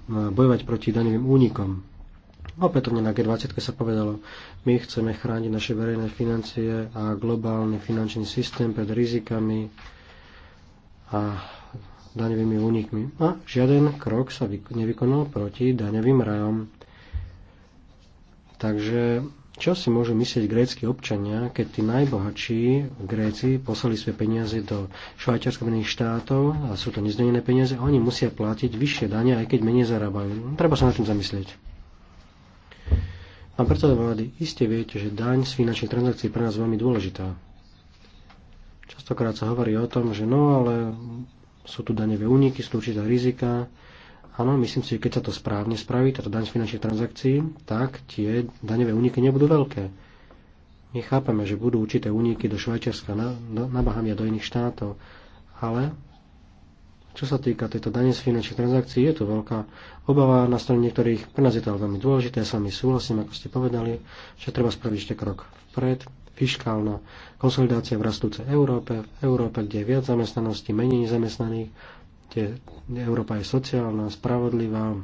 bojovať proti daňovým únikom. Opätovne na G20 sa povedalo, my chceme chrániť naše verejné financie a globálny finančný systém pred rizikami a daňovými únikmi. A žiaden krok sa nevykonal proti daňovým rajom. Takže čo si môžu myslieť grécky občania, keď tí najbohatší v poslali svoje peniaze do švajčiarsko štátov a sú to nezdenené peniaze, oni musia platiť vyššie dane, aj keď menej zarábajú. Treba sa na tým zamyslieť. Pán predseda vlády, iste viete, že daň z finančných transakcií je pre nás veľmi dôležitá. Častokrát sa hovorí o tom, že no, ale sú tu daňové úniky, sú tu určitá rizika, Áno, myslím si, že keď sa to správne spraví, táto teda daň z finančných transakcií, tak tie daňové úniky nebudú veľké. My chápeme, že budú určité úniky do Švajčiarska, na, na Bahamia, do iných štátov, ale čo sa týka tejto dane z finančných transakcií, je tu veľká obava na strane niektorých. Pre nás je to ale veľmi dôležité, ja s vami súhlasím, ako ste povedali, že treba spraviť ešte krok vpred. Fiškálna konsolidácia v rastúcej Európe, v Európe, kde je viac zamestnanosti, menej nezamestnaných, kde Európa je sociálna, spravodlivá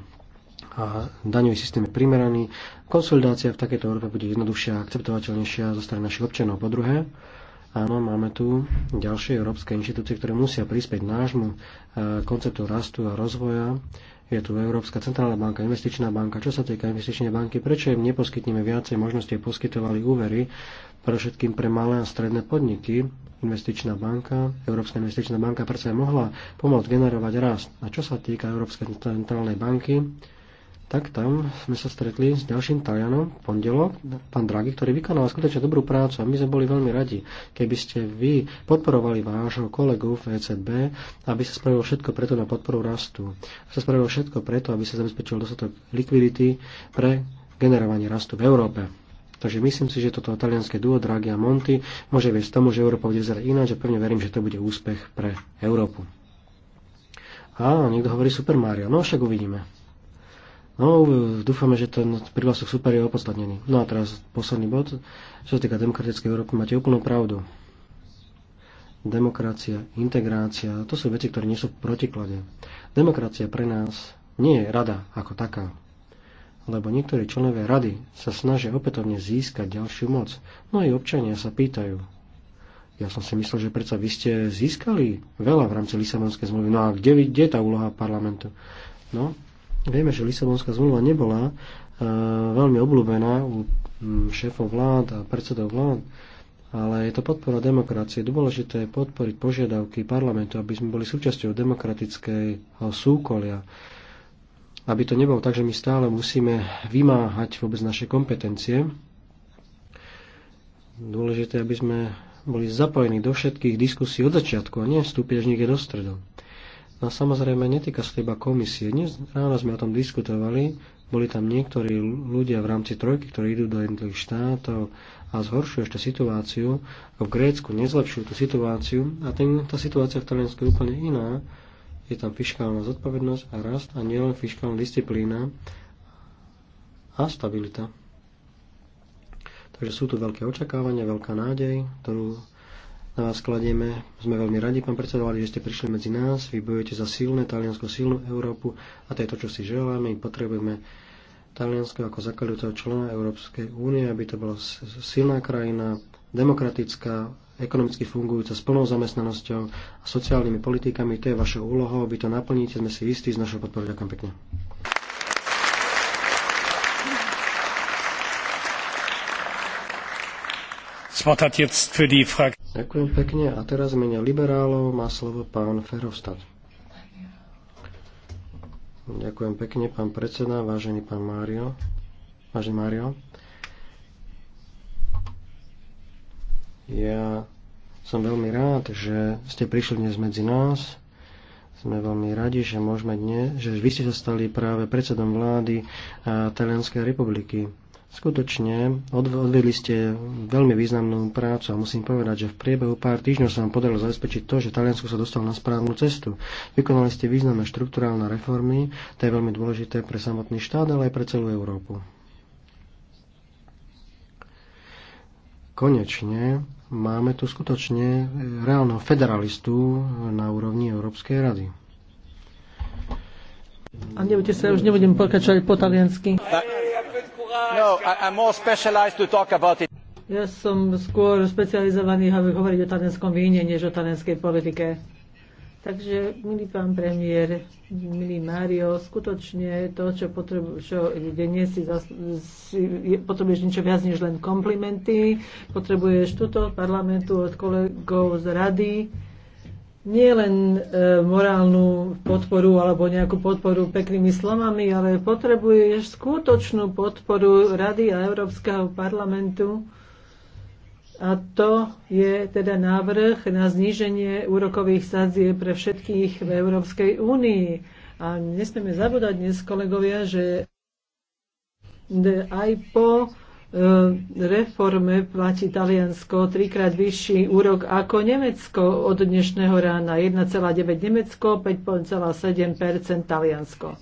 a daňový systém je primeraný. Konsolidácia v takejto Európe bude jednoduchšia a akceptovateľnejšia zo strany našich občanov. Po druhé, Áno, máme tu ďalšie európske inštitúcie, ktoré musia prispieť nášmu e, konceptu rastu a rozvoja. Je tu Európska centrálna banka, investičná banka. Čo sa týka investičnej banky, prečo im neposkytneme viacej možnosti, poskytovali úvery pre všetkým pre malé a stredné podniky? Investičná banka, Európska investičná banka prečo mohla pomôcť generovať rast. A čo sa týka Európskej centrálnej banky, tak tam sme sa stretli s ďalším Talianom v pondelok, pán Draghi, ktorý vykonal skutočne dobrú prácu a my sme boli veľmi radi, keby ste vy podporovali vášho kolegu v ECB, aby sa spravilo všetko preto na podporu rastu. Aby sa spravilo všetko preto, aby sa zabezpečil dostatok likvidity pre generovanie rastu v Európe. Takže myslím si, že toto talianské duo Draghi a Monty môže viesť tomu, že Európa bude vyzerať ináč a pevne verím, že to bude úspech pre Európu. Áno, niekto hovorí Super Mario. No však uvidíme. No, dúfame, že ten prihlasok super je opodstatnený. No a teraz posledný bod. Čo sa týka demokratickej Európy, máte úplnú pravdu. Demokracia, integrácia, to sú veci, ktoré nie sú v protiklade. Demokracia pre nás nie je rada ako taká. Lebo niektorí členovia rady sa snažia opätovne získať ďalšiu moc. No i občania sa pýtajú. Ja som si myslel, že predsa vy ste získali veľa v rámci Lisabonskej zmluvy. No a kde, kde je tá úloha parlamentu? No, Vieme, že Lisabonská zmluva nebola e, veľmi obľúbená u šéfov vlád a predsedov vlád, ale je to podpora demokracie. Dôležité je podporiť požiadavky parlamentu, aby sme boli súčasťou demokratického súkolia. Aby to nebolo tak, že my stále musíme vymáhať vôbec naše kompetencie. Dôležité, aby sme boli zapojení do všetkých diskusí od začiatku a nie vstúpiť až niekde do stredu. No samozrejme, netýka sa to iba komisie. Dnes ráno sme o tom diskutovali, boli tam niektorí ľudia v rámci trojky, ktorí idú do jednotlivých štátov a zhoršujú ešte situáciu. V Grécku nezlepšujú tú situáciu a ten, tá situácia v Taliansku je úplne iná. Je tam fiskálna zodpovednosť a rast a nielen fiskálna disciplína a stabilita. Takže sú tu veľké očakávania, veľká nádej, ktorú na vás kladieme. Sme veľmi radi, pán predsedovali, že ste prišli medzi nás. Vy bojujete za silné Taliansko, silnú Európu a to je to, čo si želáme. My potrebujeme Taliansko ako zakladujúceho člena Európskej únie, aby to bola silná krajina, demokratická, ekonomicky fungujúca, s plnou zamestnanosťou a sociálnymi politikami. To je vašou úlohou, vy to naplníte, sme si istí s našou podporu. Ďakujem pekne. Ďakujem pekne a teraz menia liberálov má slovo pán Ferovstad. Ďakujem pekne, pán predseda, vážený pán Mário. Vážený Mário. Ja som veľmi rád, že ste prišli dnes medzi nás. Sme veľmi radi, že môžeme dnes, že vy ste sa stali práve predsedom vlády Talianskej republiky. Skutočne odvedli ste veľmi významnú prácu a musím povedať, že v priebehu pár týždňov sa vám podarilo zabezpečiť to, že Taliansko sa dostalo na správnu cestu. Vykonali ste významné štruktúrálne reformy, to je veľmi dôležité pre samotný štát, ale aj pre celú Európu. Konečne máme tu skutočne e, reálneho federalistu na úrovni Európskej rady. A nebudete sa, už nebudem pokračovať po taliansky. No, I'm more specialized to talk about it. Ja som skôr špecializovaný hovoriť o talianskom víne, než o talianskej politike. Takže, milý pán premiér, milý Mário, skutočne to, čo, potrebu- čo dnes si, zas- si potrebuješ niečo viac než len komplimenty, potrebuješ tuto parlamentu od kolegov z rady, nie len e, morálnu podporu alebo nejakú podporu peknými slovami, ale potrebuješ skutočnú podporu Rady a Európskeho parlamentu. A to je teda návrh na zníženie úrokových sadzie pre všetkých v Európskej únii. A nesmieme zabúdať dnes, kolegovia, že aj po E, reforme platí Taliansko trikrát vyšší úrok ako Nemecko od dnešného rána. 1,9 Nemecko, 5,7 Taliansko.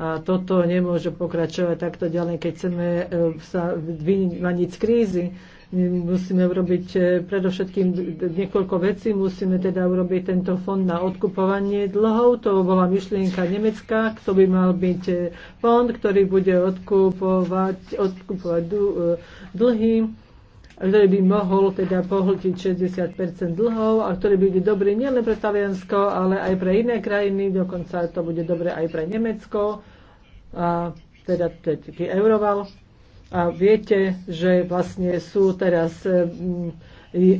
A toto nemôže pokračovať takto ďalej, keď chceme e, sa vymaniť z krízy musíme urobiť e, predovšetkým niekoľko vecí. Musíme teda urobiť tento fond na odkupovanie dlhov. To bola myšlienka Nemecka. To by mal byť e, fond, ktorý bude odkupovať, odkupovať e, dlhy ktorý by mohol teda pohltiť 60 dlhov a ktorý bude dobrý nielen pre Taliansko, ale aj pre iné krajiny, dokonca to bude dobré aj pre Nemecko a teda taký euroval. A viete, že vlastne sú teraz, e,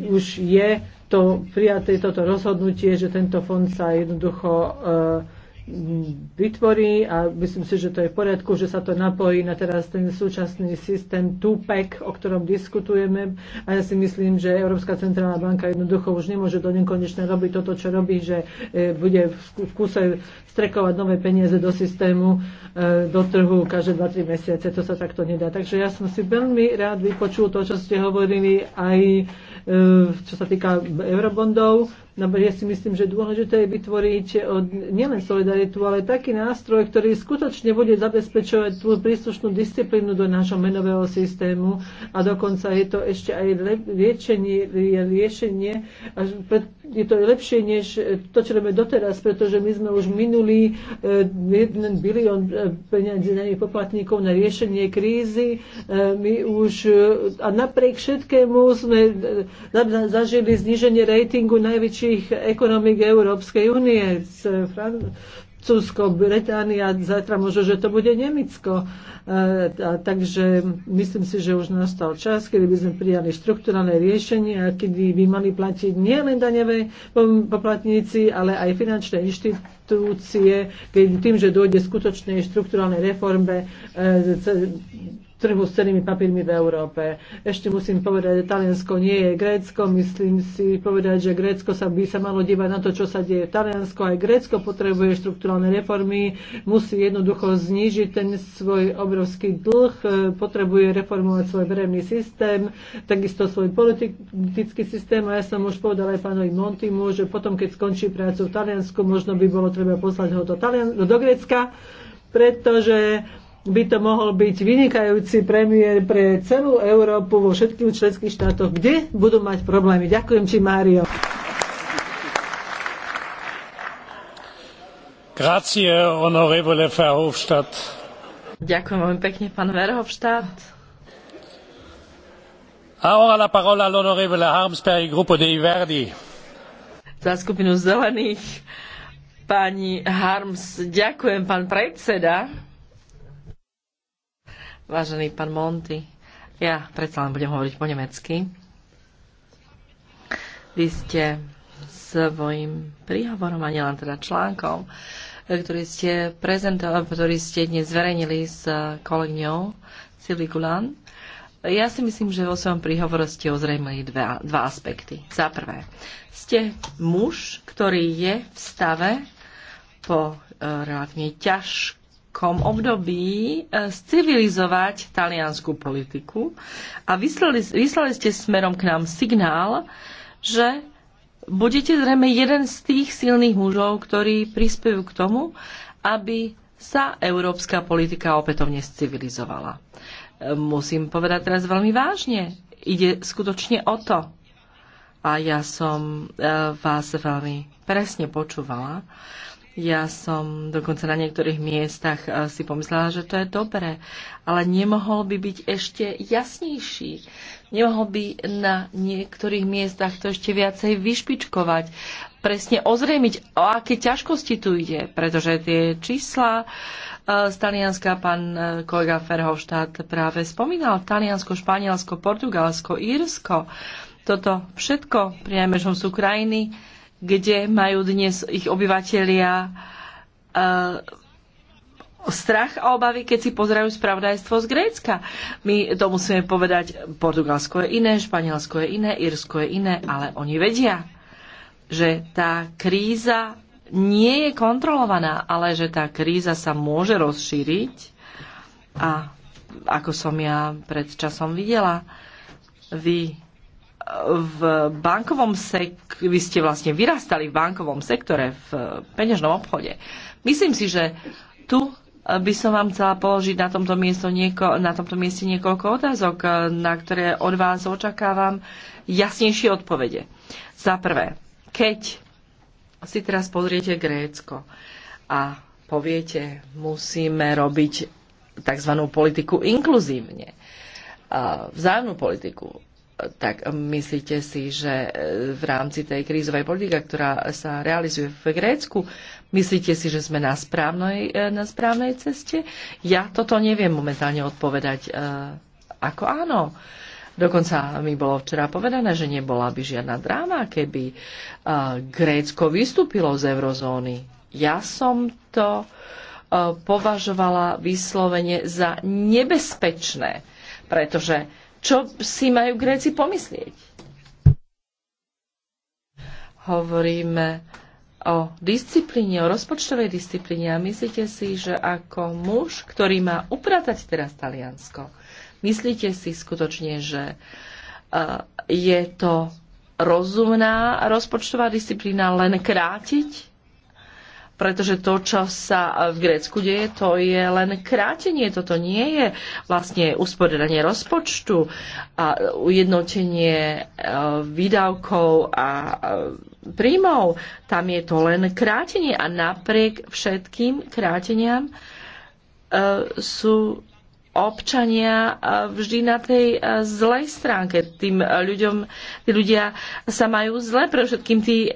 už je to prijaté toto rozhodnutie, že tento fond sa jednoducho e, vytvorí a myslím si, že to je v poriadku, že sa to napojí na teraz ten súčasný systém TUPEC, o ktorom diskutujeme a ja si myslím, že Európska centrálna banka jednoducho už nemôže do nekonečna robiť toto, čo robí, že e, bude v kuse strekovať nové peniaze do systému, e, do trhu každé 2-3 mesiace, to sa takto nedá. Takže ja som si veľmi rád vypočul to, čo ste hovorili aj e, čo sa týka eurobondov, No, ja si myslím, že dôležité je vytvoriť eh, nielen solidaritu, ale taký nástroj, ktorý skutočne bude zabezpečovať tú príslušnú disciplínu do nášho menového systému a dokonca je to ešte aj liečenie, riešenie, je to lepšie než eh, to, čo robíme doteraz, pretože my sme už minuli 1 eh, bilión peňazí poplatníkov na riešenie krízy. My už a napriek všetkému sme zažili zníženie rejtingu najväčšie najväčších ekonomik Európskej únie. Francúzsko, Británia, zajtra možno, že to bude Nemecko. E, a, takže myslím si, že už nastal čas, kedy by sme prijali štrukturálne riešenie a kedy by mali platiť nielen daňové poplatníci, ale aj finančné inštitúcie, keď tým, že dojde skutočnej štrukturálnej reforme e, trhu s celými papírmi v Európe. Ešte musím povedať, že Taliansko nie je Grécko. Myslím si povedať, že Grécko sa by sa malo dívať na to, čo sa deje v Taliansko. Aj Grécko potrebuje štruktúralne reformy, musí jednoducho znížiť ten svoj obrovský dlh, e, potrebuje reformovať svoj verejný systém, takisto svoj politický systém. A ja som už povedal aj pánovi Montimu, že potom, keď skončí prácu v Taliansku, možno by bolo treba poslať ho do, Talian- do Grécka, pretože by to mohol byť vynikajúci premiér pre celú Európu vo všetkých členských štátoch, kde budú mať problémy. Ďakujem ti, Mário. Grazie, honorevole Verhofstadt. Ďakujem veľmi pekne, pán Verhofstadt. Ahora la parola l'onorevole Harmsberg, gruppo dei Verdi. Za skupinu zelených, pani Harms, ďakujem, pán predseda. Vážený pán Monty, ja predsa len budem hovoriť po nemecky. Vy ste svojim príhovorom a nielen teda článkom, e, ktorý ste, e, ktorý ste dnes zverejnili s e, kolegňou Silvi Gulan. Ja si myslím, že vo svojom príhovore ste ozrejmili dva, dva aspekty. Za prvé, ste muž, ktorý je v stave po relatívne ťažkom krátkom období e, civilizovať taliansku politiku a vyslali, vyslali ste smerom k nám signál, že budete zrejme jeden z tých silných mužov, ktorí prispievajú k tomu, aby sa európska politika opätovne civilizovala. E, musím povedať teraz veľmi vážne. Ide skutočne o to. A ja som e, vás veľmi presne počúvala ja som dokonca na niektorých miestach eh, si pomyslela, že to je dobré, ale nemohol by byť ešte jasnejší. Nemohol by na niektorých miestach to ešte viacej vyšpičkovať, presne ozrejmiť, o aké ťažkosti tu ide, pretože tie čísla eh, z Talianska pán eh, kolega Ferhovštát práve spomínal. Taliansko, Španielsko, Portugalsko, Írsko. Toto všetko, priamežom sú krajiny, kde majú dnes ich obyvatelia eh, strach a obavy, keď si pozerajú spravodajstvo z Grécka. My to musíme povedať, Portugalsko je iné, Španielsko je iné, Irsko je iné, ale oni vedia, že tá kríza nie je kontrolovaná, ale že tá kríza sa môže rozšíriť a ako som ja pred časom videla, vy v bankovom sek- vy ste vlastne vyrastali v bankovom sektore, v peňažnom obchode. Myslím si, že tu by som vám chcela položiť na tomto, miesto nieko- na tomto mieste niekoľko otázok, na ktoré od vás očakávam jasnejšie odpovede. Za prvé, keď si teraz pozriete Grécko a poviete, musíme robiť tzv. politiku inkluzívne, vzájomnú politiku, tak myslíte si, že e, v rámci tej krízovej politiky, ktorá sa realizuje v Grécku, myslíte si, že sme na správnej, e, na správnej ceste? Ja toto neviem momentálne odpovedať e, ako áno. Dokonca mi bolo včera povedané, že nebola by žiadna dráma, keby Grécko vystúpilo z eurozóny. Ja som to považovala vyslovene za nebezpečné, pretože čo si majú Gréci pomyslieť. Hovoríme o disciplíne, o rozpočtovej disciplíne a myslíte si, že ako muž, ktorý má upratať teraz Taliansko, myslíte si skutočne, že eh, je to rozumná rozpočtová disciplína len krátiť? pretože to, čo sa v Grécku deje, to je len krátenie, toto nie je vlastne usporiadanie rozpočtu a ujednotenie e, výdavkov a e, príjmov. Tam je to len krátenie a napriek všetkým kráteniam e, sú občania vždy na tej zlej stránke. Tým ľuďom, tí ľudia sa majú zle, pre všetkým tí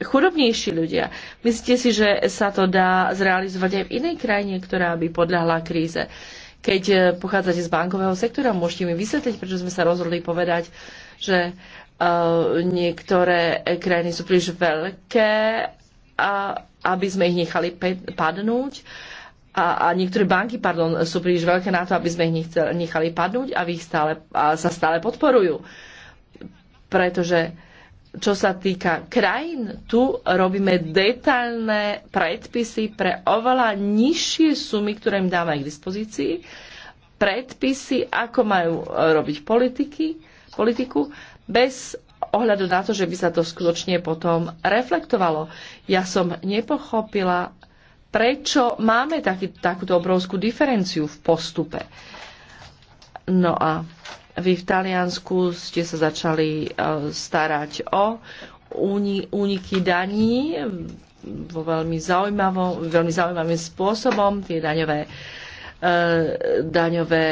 chudobnejší ľudia. Myslíte si, že sa to dá zrealizovať aj v inej krajine, ktorá by podľahla kríze? Keď e, pochádzate z bankového sektora, môžete mi vysvetliť, prečo sme sa rozhodli povedať, že uh, niektoré krajiny sú príliš veľké, a, aby sme ich nechali padnúť. A, a niektoré banky pardon, sú príliš veľké na to, aby sme ich nechali padnúť a, vy ich stále, a sa stále podporujú. Pretože uh, čo sa týka krajín, tu robíme detailné predpisy pre oveľa nižšie sumy, ktoré im dáme k dispozícii, predpisy, ako majú e, robiť politiky, politiku, bez ohľadu na to, že by sa to skutočne potom reflektovalo. Ja som nepochopila, prečo máme taký, takúto obrovskú diferenciu v postupe. No a vy v Taliansku ste sa začali e, starať o úniky daní vo veľmi, veľmi zaujímavým spôsobom, tie daňové e, daňové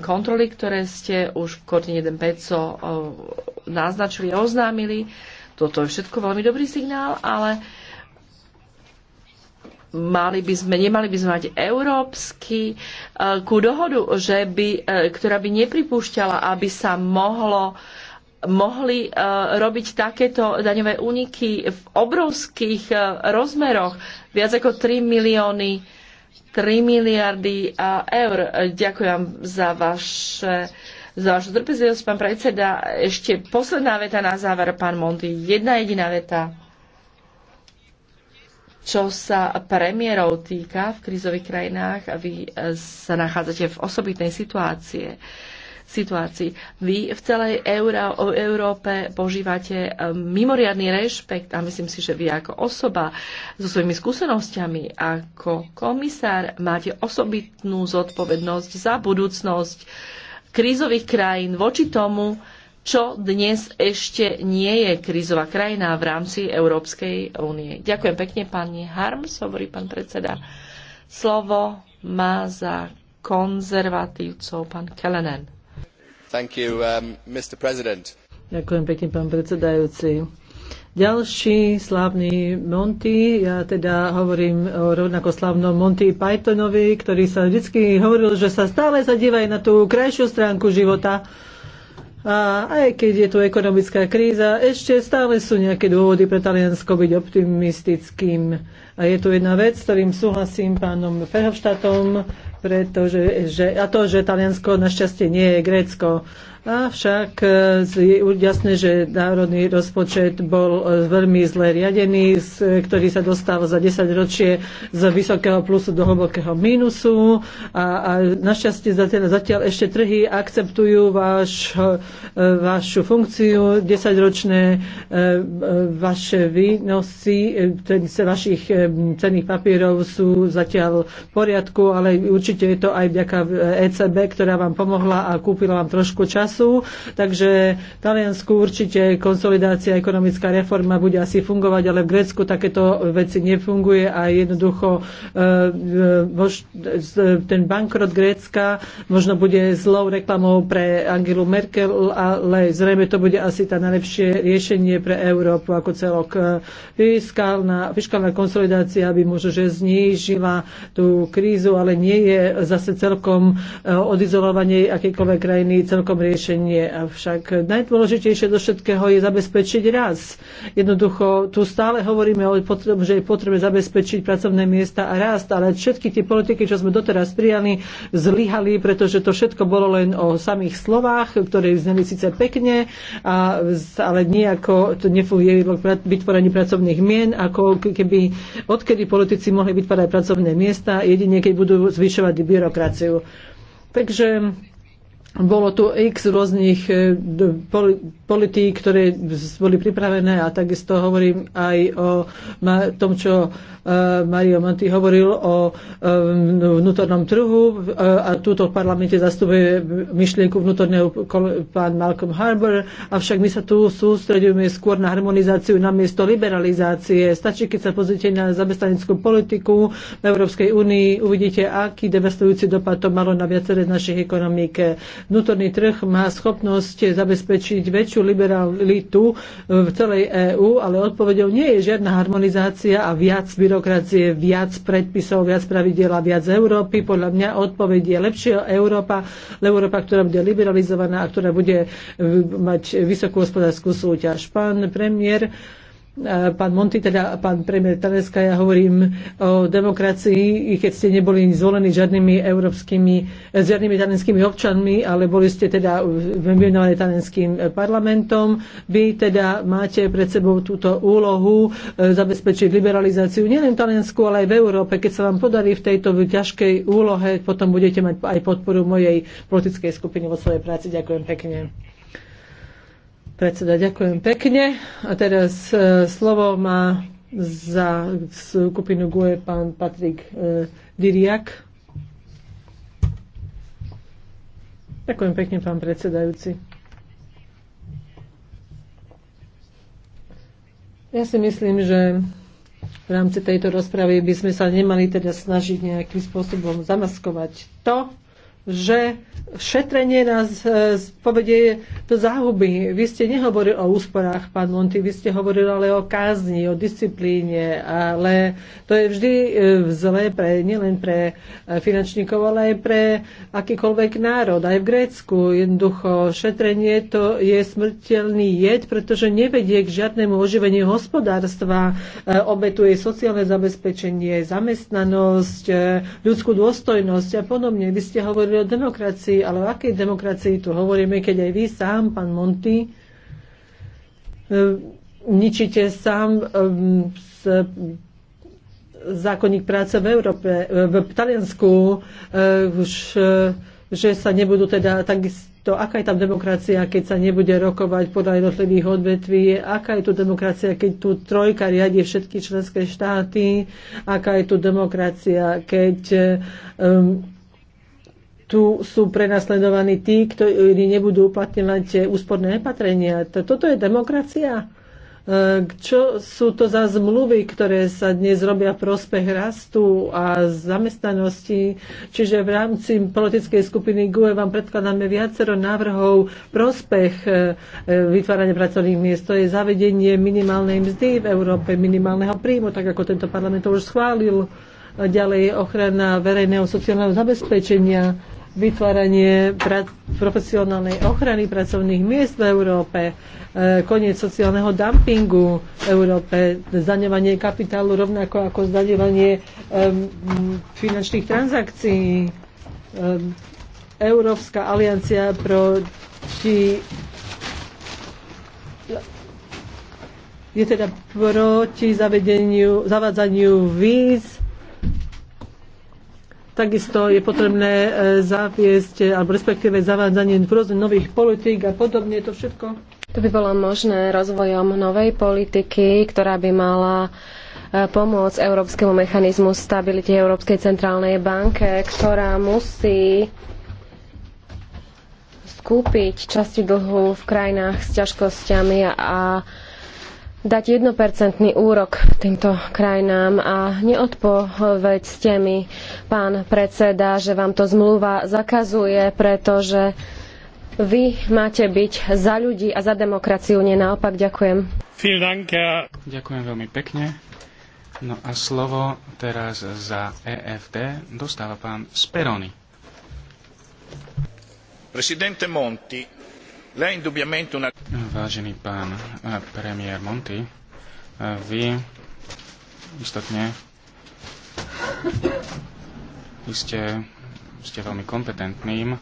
kontroly, ktoré ste už v Kortine 1 e, naznačili a oznámili. Toto je všetko veľmi dobrý signál, ale mali by sme, nemali by sme mať európsky e, ku dohodu, že by, e, ktorá by nepripúšťala, aby sa mohlo mohli e, robiť takéto daňové úniky v obrovských rozmeroch, viac ako 3 milióny, 3 miliardy eur. Ďakujem za vaše za vašu trpezlivosť, pán predseda. Ešte posledná veta na záver, pán Monty. Jedna jediná veta čo sa premiérov týka v krízových krajinách, vy e, sa nachádzate v osobitnej situácie situácii. Vy v celej Euró- Európe požívate e, mimoriadný rešpekt a myslím si, že vy ako osoba so svojimi skúsenostiami ako komisár máte osobitnú zodpovednosť za budúcnosť krízových krajín voči tomu, čo dnes ešte nie je krízová krajina v rámci Európskej únie. Ďakujem pekne pani Harms, hovorí pán predseda. Slovo má za konzervatívcov pán Kellenen. You, um, Ďakujem pekne, pán predsedajúci. Ďalší slávny Monty, ja teda hovorím o rovnako slávnom Monty Pythonovi, ktorý sa vždy hovoril, že sa stále zadívajú na tú krajšiu stránku života a aj keď je tu ekonomická kríza, ešte stále sú nejaké dôvody pre Taliansko byť optimistickým. A je tu jedna vec, s ktorým súhlasím pánom Ferhovštátom, pretože, že, a to, že Taliansko našťastie nie je Grécko. Avšak e, je jasné, že národný rozpočet bol e, veľmi zle riadený, e, ktorý sa dostal za 10 ročie z vysokého plusu do hlbokého mínusu a, a našťastie zatiaľ, teda zatiaľ ešte trhy akceptujú váš, vašu funkciu, 10-ročné vaše výnosy vašich cenných papierov sú zatiaľ v poriadku, ale určite je to aj vďaka ECB, ktorá vám pomohla a kúpila vám trošku čas času, takže v Taliansku určite konsolidácia, ekonomická reforma bude asi fungovať, ale v Grécku takéto veci nefunguje a jednoducho e, e, ten bankrot Grécka možno bude zlou reklamou pre Angelu Merkel, ale zrejme to bude asi tá najlepšie riešenie pre Európu ako celok. E, fiskálna, fiskálna konsolidácia by možno, že znížila tú krízu, ale nie je zase celkom odizolovanie akejkoľvek krajiny celkom riešenie riešenie, avšak najdôležitejšie do všetkého je zabezpečiť raz. Jednoducho, tu stále hovoríme o potrebe, že je potrebe zabezpečiť pracovné miesta a rast, ale všetky tie politiky, čo sme doteraz prijali, zlyhali, pretože to všetko bolo len o samých slovách, ktoré zneli síce pekne, a, ale nejako to k vytvorení pracovných mien, ako keby odkedy politici mohli vytvárať pracovné miesta, jedine keď budú zvyšovať byrokraciu. Takže bolo tu x rôznych e, politík, ktoré boli pripravené a takisto hovorím aj o tom, čo e, Mario Monti hovoril o e, vnútornom trhu a túto v parlamente zastupuje myšlienku vnútorného pán Malcolm Harbour, avšak my sa tu sústredujeme skôr na harmonizáciu namiesto liberalizácie. Stačí, keď sa pozrite na zamestnaneckú politiku v Európskej únii, uvidíte, aký devastujúci dopad to malo na viaceré z našich ekonomík vnútorný trh má schopnosť zabezpečiť väčšiu liberalitu v celej EÚ, ale odpovedou nie je žiadna harmonizácia a viac byrokracie, viac predpisov, viac pravidel a viac Európy. Podľa mňa odpoveď je lepšia Európa, Európa, ktorá bude liberalizovaná a ktorá bude eh, mať vysokú hospodárskú súťaž. Pán premiér, E, pán Monti, teda pán premiér Taleska, ja hovorím o demokracii, i keď ste neboli zvolení žiadnymi európskymi, e, žiadnymi talenskými občanmi, ale boli ste teda vymenovaní talenským e, parlamentom. Vy teda máte pred sebou túto úlohu zabezpečiť liberalizáciu nielen v Talensku, ale aj v Európe. Keď sa vám podarí v tejto ťažkej úlohe, potom budete mať aj podporu mojej politickej skupiny vo svojej práci. Ďakujem pekne. Predseda, ďakujem pekne. A teraz e, slovo má za skupinu GUE pán Patrik e, Diriak. Ďakujem pekne, pán predsedajúci. Ja si myslím, že v rámci tejto rozpravy by sme sa nemali teda snažiť nejakým spôsobom zamaskovať to, že šetrenie nás e, povedie do záhuby. Vy ste nehovorili o úsporách, pán Monty, vy ste hovorili ale o kázni, o disciplíne, ale to je vždy e, zlé pre, nielen pre e, finančníkov, ale aj pre akýkoľvek národ. Aj v Grécku jednoducho šetrenie to je smrteľný jed, pretože nevedie k žiadnemu oživeniu hospodárstva, obetuje sociálne zabezpečenie, zamestnanosť, ľudskú dôstojnosť a podobne. Vy ste hovorili o demokracii, ale o akej demokracii tu hovoríme, keď aj vy sám, pán Monty, e, ničíte sám e, zákonník práce v Európe, e, v Taliansku, že sa nebudú teda takisto, aká je tam demokracia, keď sa nebude rokovať podľa jednotlivých odvetví, aká je tu demokracia, keď tu trojka riadi všetky členské štáty, aká je tu demokracia, keď um, tu sú prenasledovaní tí, ktorí nebudú uplatňovať úsporné opatrenia. Toto je demokracia. E, čo sú to za zmluvy, ktoré sa dnes robia prospech rastu a zamestnanosti? Čiže v rámci politickej skupiny GUE vám predkladáme viacero návrhov prospech e, e, vytvárania pracovných miest. To je zavedenie minimálnej mzdy v Európe, minimálneho príjmu, tak ako tento parlament to už schválil. Ďalej ochrana verejného sociálneho zabezpečenia vytváranie profesionálnej ochrany pracovných miest v Európe, e, koniec sociálneho dumpingu v Európe, zdaňovanie kapitálu rovnako ako zdaňovanie e, finančných transakcií, e, Európska aliancia proti je teda proti zavedeniu, zavadzaniu víz Takisto je potrebné e, zaviesť, e, alebo respektíve zavádzanie rôznych nových politík a podobne, to všetko. To by bolo možné rozvojom novej politiky, ktorá by mala e, pomôcť Európskemu mechanizmu stability Európskej centrálnej banke, ktorá musí skúpiť časti dlhu v krajinách s ťažkosťami a dať jednopercentný úrok týmto krajinám a neodpovedzte mi, pán predseda, že vám to zmluva zakazuje, pretože vy máte byť za ľudí a za demokraciu, nie naopak. Ďakujem. Ďakujem veľmi pekne. No a slovo teraz za EFD dostáva pán Speroni. Presidente Monti, Vážený pán eh, premiér Monty, eh, vy istotne vy ste, ste veľmi kompetentným eh,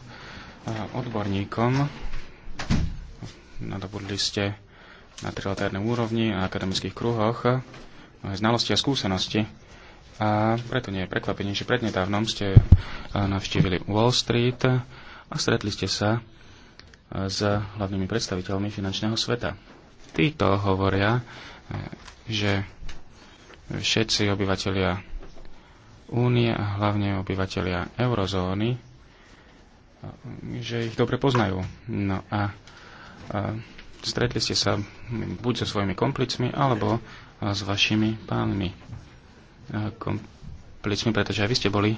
odborníkom. Nadobudli ste na trilatérnej úrovni a akademických kruhoch znalosti a skúsenosti. A preto nie je prekvapenie, že prednedávnom ste navštívili Wall Street a stretli ste sa s hlavnými predstaviteľmi finančného sveta. Títo hovoria, e, že všetci obyvateľia únie a hlavne obyvateľia eurozóny, e, že ich dobre poznajú. No a, a e, stretli ste sa buď so svojimi komplicmi, alebo s vašimi pánmi. Komplicmi, pretože aj vy ste boli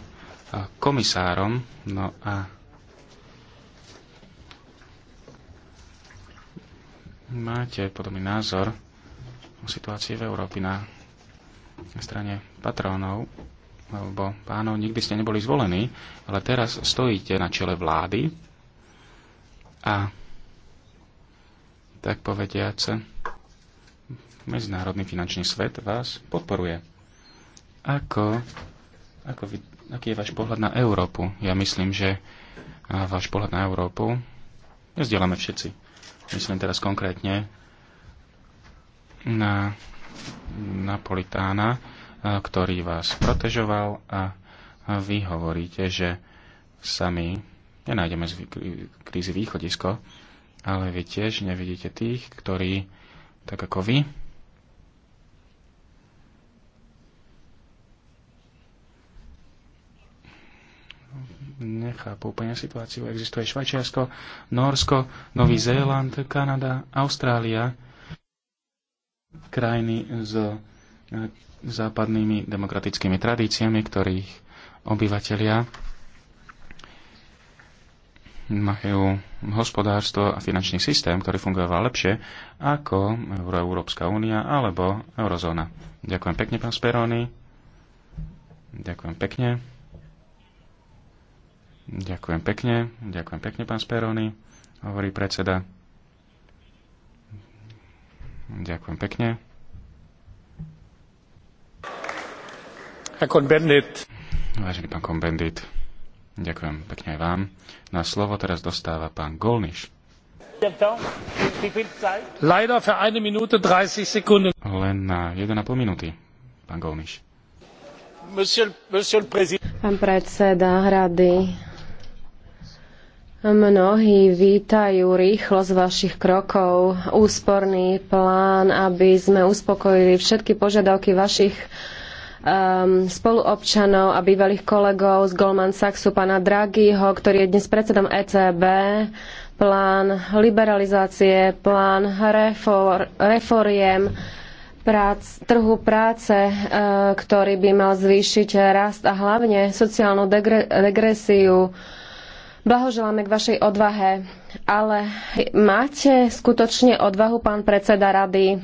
komisárom, no a máte podobný názor o situácii v Európe na strane patrónov alebo pánov, nikdy ste neboli zvolení, ale teraz stojíte na čele vlády a tak povediac medzinárodný finančný svet vás podporuje. Ako, ako vy, aký je váš pohľad na Európu? Ja myslím, že váš pohľad na Európu nezdielame všetci myslím teraz konkrétne na Napolitána, eh, ktorý vás protežoval a vy hovoríte, že sami nenájdeme z krízy východisko, ale vy tiež nevidíte tých, ktorí, tak ako vy, nechápu úplne situáciu. Existuje Švajčiarsko, Norsko, Nový Zéland, Kanada, Austrália, krajiny s eh, západnými demokratickými tradíciami, ktorých obyvatelia majú hospodárstvo a finančný systém, ktorý fungoval lepšie ako Európska únia alebo eurozóna. Ďakujem pekne, pán Speroni. Ďakujem pekne. Ďakujem pekne, ďakujem pekne, pán Speroni, hovorí predseda. Ďakujem pekne. Vážený pán Konbendit, ďakujem pekne aj vám. Na slovo teraz dostáva pán Golniš. Len na 1,5 minúty, pán Golniš. Pán predseda Hrady, Mnohí vítajú rýchlosť vašich krokov, úsporný plán, aby sme uspokojili všetky požiadavky vašich um, spoluobčanov a bývalých kolegov z Goldman Sachsu, pána Draghiho, ktorý je dnes predsedom ECB, plán liberalizácie, plán refor, reforiem prác, trhu práce, e, ktorý by mal zvýšiť rast a hlavne sociálnu degre, degresiu, Blahoželáme k vašej odvahe, ale máte skutočne odvahu, pán predseda rady?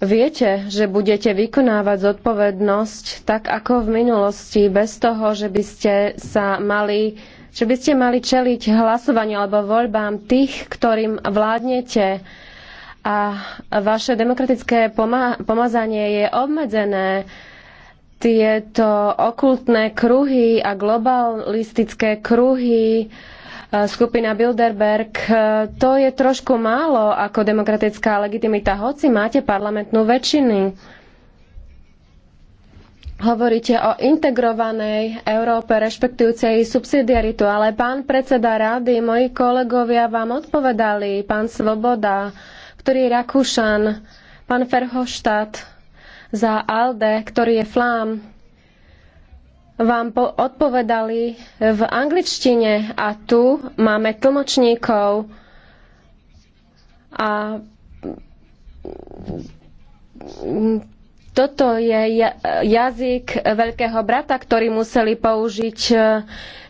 Viete, že budete vykonávať zodpovednosť tak ako v minulosti, bez toho, že by ste sa mali že by ste mali čeliť hlasovaniu alebo voľbám tých, ktorým vládnete a vaše demokratické pomazanie je obmedzené tieto okultné kruhy a globalistické kruhy e, skupina Bilderberg, e, to je trošku málo ako demokratická legitimita, hoci máte parlamentnú väčšinu. Hovoríte o integrovanej Európe rešpektujúcej subsidiaritu, ale pán predseda rady, moji kolegovia vám odpovedali, pán Svoboda, ktorý je Rakúšan, pán Ferhoštát, za ALDE, ktorý je Flám, vám odpovedali v angličtine a tu máme tlmočníkov a toto je jazyk veľkého brata, ktorý museli použiť e,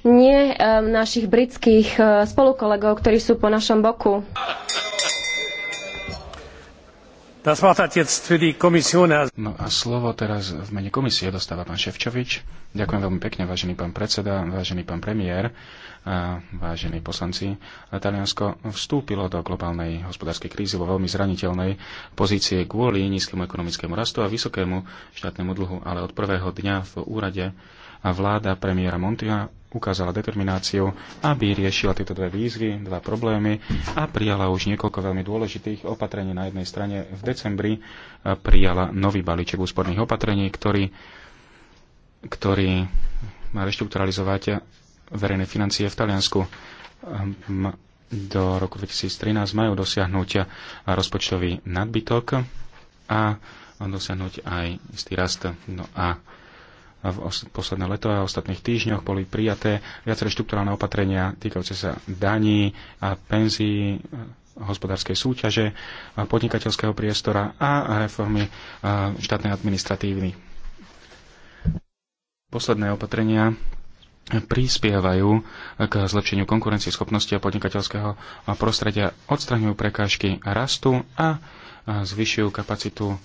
nie e, našich britských e, spolukolegov, ktorí sú po našom boku. No a slovo teraz v mene komisie dostáva pán Ševčovič. Ďakujem veľmi pekne, vážený pán predseda, vážený pán premiér, a vážení poslanci. Taliansko vstúpilo do globálnej hospodárskej krízy vo veľmi zraniteľnej pozície kvôli nízkemu ekonomickému rastu a vysokému štátnemu dlhu, ale od prvého dňa v úrade a vláda premiéra Montia ukázala determináciu, aby riešila tieto dve výzvy, dva problémy a prijala už niekoľko veľmi dôležitých opatrení. Na jednej strane v decembri eh, prijala nový balíček úsporných opatrení, ktorý, ktorý má reštrukturalizovať verejné financie v Taliansku. Ehm, do roku 2013 majú dosiahnuť rozpočtový nadbytok a dosiahnuť aj istý rast. No a v posledné leto a ostatných týždňoch boli prijaté viaceré štruktúrálne opatrenia týkajúce sa daní a penzií, hospodárskej súťaže, podnikateľského priestora a reformy štátnej administratívny. Posledné opatrenia prispievajú k zlepšeniu schopnosti a podnikateľského prostredia, odstraňujú prekážky rastu a zvyšujú kapacitu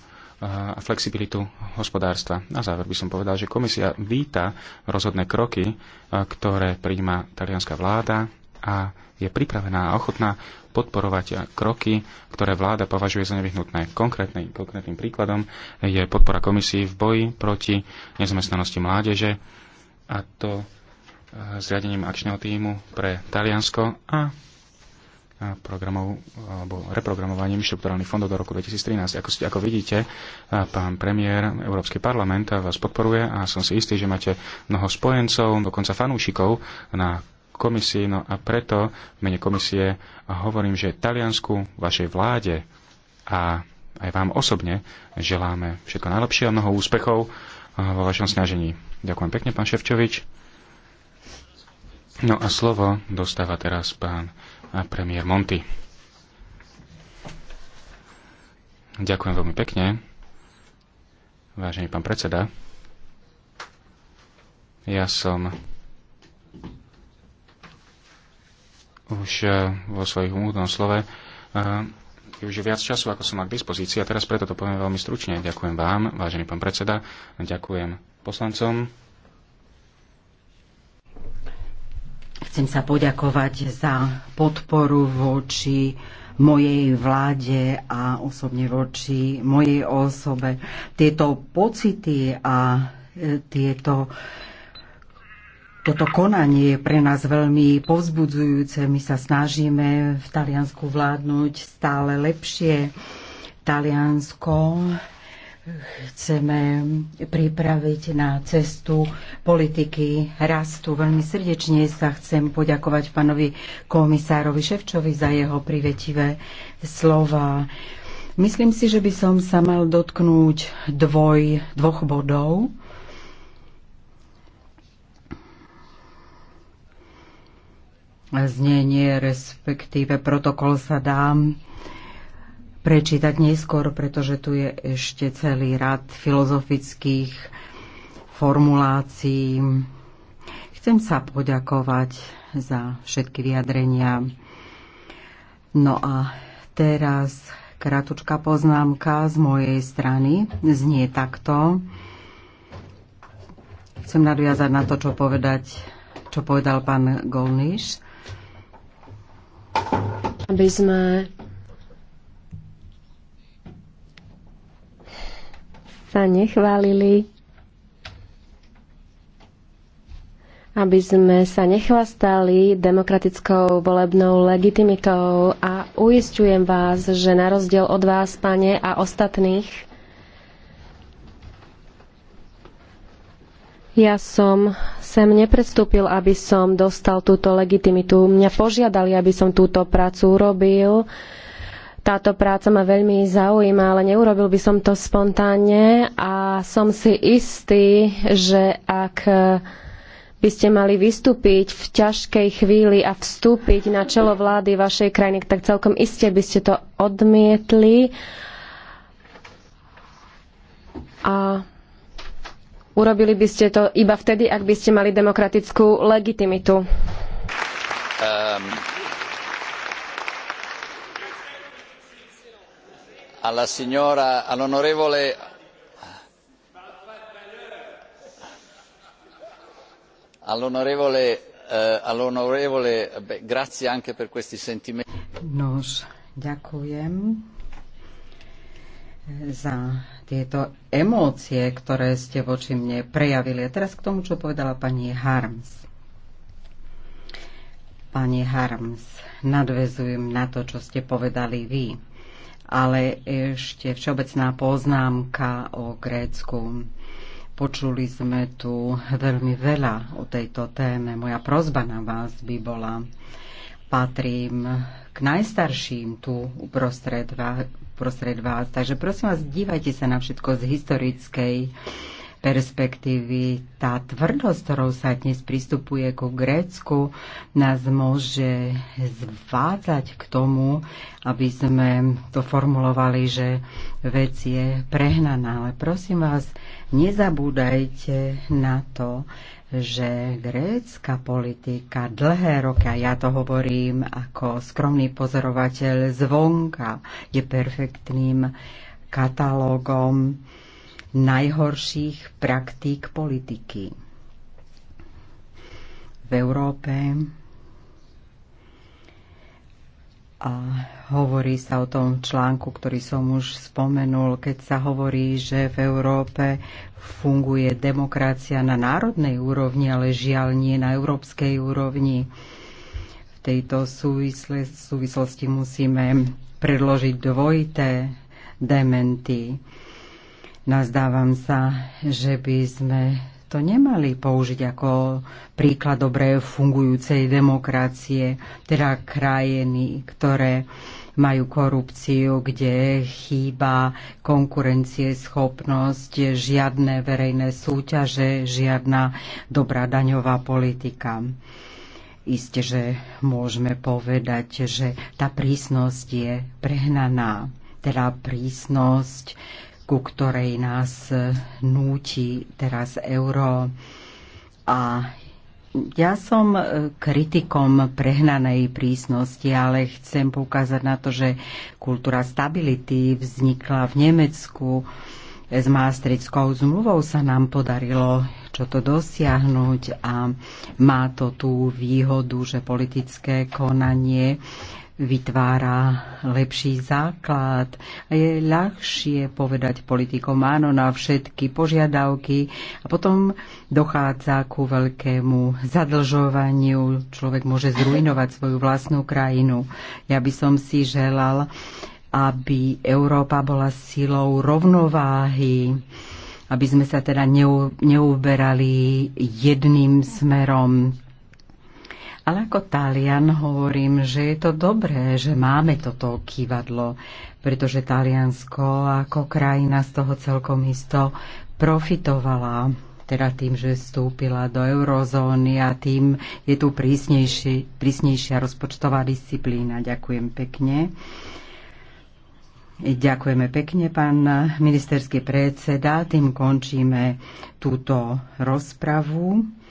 a flexibilitu hospodárstva. Na záver by som povedal, že komisia víta rozhodné kroky, ktoré príjma talianská vláda a je pripravená a ochotná podporovať kroky, ktoré vláda považuje za nevyhnutné. Konkrétnym, konkrétnym príkladom je podpora komisii v boji proti nezamestnanosti mládeže a to zriadením akčného týmu pre Taliansko a programov alebo reprogramovaním štrukturálnych fondov do roku 2013. Ako, ako vidíte, pán premiér, Európsky parlament vás podporuje a som si istý, že máte mnoho spojencov, dokonca fanúšikov na komisii, no a preto v mene komisie hovorím, že Taliansku, vašej vláde a aj vám osobne želáme všetko najlepšie a mnoho úspechov vo vašom snažení. Ďakujem pekne, pán Ševčovič. No a slovo dostáva teraz pán premiér Monty. Ďakujem veľmi pekne. Vážený pán predseda, ja som už eh, vo svojich úvodnom slove eh, už viac času, ako som mal k dispozícii a teraz preto to poviem veľmi stručne. Ďakujem vám, vážený pán predseda, ďakujem poslancom. Chcem sa poďakovať za podporu voči mojej vláde a osobne voči mojej osobe. Tieto pocity a e, tieto toto konanie je pre nás veľmi povzbudzujúce. My sa snažíme v Taliansku vládnuť stále lepšie. Taliansko chceme pripraviť na cestu politiky rastu. Veľmi srdečne sa chcem poďakovať pánovi komisárovi Ševčovi za jeho privetivé slova. Myslím si, že by som sa mal dotknúť dvoj, dvoch bodov. Znenie, respektíve protokol sa dám prečítať neskôr, pretože tu je ešte celý rad filozofických formulácií. Chcem sa poďakovať za všetky vyjadrenia. No a teraz kratučka poznámka z mojej strany znie takto. Chcem nadviazať na to, čo, povedať, čo povedal pán Golniš. Aby sme sa nechválili, aby sme sa nechvastali demokratickou volebnou legitimitou a uistujem vás, že na rozdiel od vás, pane, a ostatných, ja som sem neprestúpil, aby som dostal túto legitimitu. Mňa požiadali, aby som túto prácu urobil táto práca ma veľmi zaujíma, ale neurobil by som to spontánne a som si istý, že ak by ste mali vystúpiť v ťažkej chvíli a vstúpiť na čelo vlády vašej krajiny, tak celkom iste by ste to odmietli. A urobili by ste to iba vtedy, ak by ste mali demokratickú legitimitu. Um. alla signora all'onorevole all'onorevole eh, all'onorevole beh, grazie anche per questi sentimenti Nos, ďakujem eh, za tieto emócie, ktoré ste voči mne prejavili. A teraz k tomu, čo povedala pani Harms. Pani Harms, nadvezujem na to, čo ste povedali vy ale ešte všeobecná poznámka o Grécku. Počuli sme tu veľmi veľa o tejto téme. Moja prozba na vás by bola, patrím k najstarším tu uprostred vás, uprostred vás. Takže prosím vás, dívajte sa na všetko z historickej perspektívy. Tá tvrdosť, ktorou sa dnes pristupuje ku Grécku, nás môže zvádzať k tomu, aby sme to formulovali, že vec je prehnaná. Ale prosím vás, nezabúdajte na to, že grécka politika dlhé roky, a ja to hovorím ako skromný pozorovateľ zvonka, je perfektným katalógom najhorších praktík politiky. V Európe a hovorí sa o tom článku, ktorý som už spomenul, keď sa hovorí, že v Európe funguje demokracia na národnej úrovni, ale žiaľ nie na európskej úrovni. V tejto súvislosti musíme predložiť dvojité dementy Nazdávam sa, že by sme to nemali použiť ako príklad dobre fungujúcej demokracie, teda krajiny, ktoré majú korupciu, kde chýba schopnosť, žiadne verejné súťaže, žiadna dobrá daňová politika. Isté, že môžeme povedať, že tá prísnosť je prehnaná, teda prísnosť ku ktorej nás e, núti teraz euro. A ja som e, kritikom prehnanej prísnosti, ale chcem poukázať na to, že kultúra stability vznikla v Nemecku. S Maastrickou zmluvou sa nám podarilo čo to dosiahnuť a má to tú výhodu, že politické konanie vytvára lepší základ. a Je ľahšie povedať politikom áno na všetky požiadavky a potom dochádza ku veľkému zadlžovaniu. Človek môže zrujnovať svoju vlastnú krajinu. Ja by som si želal, aby Európa bola silou rovnováhy, aby sme sa teda neuberali jedným smerom ale ako Talian hovorím, že je to dobré, že máme toto kývadlo, pretože Taliansko ako krajina z toho celkom isto profitovala teda tým, že vstúpila do eurozóny a tým je tu prísnejší, prísnejšia rozpočtová disciplína. Ďakujem pekne. Ďakujeme pekne, pán ministerský predseda. Tým končíme túto rozpravu.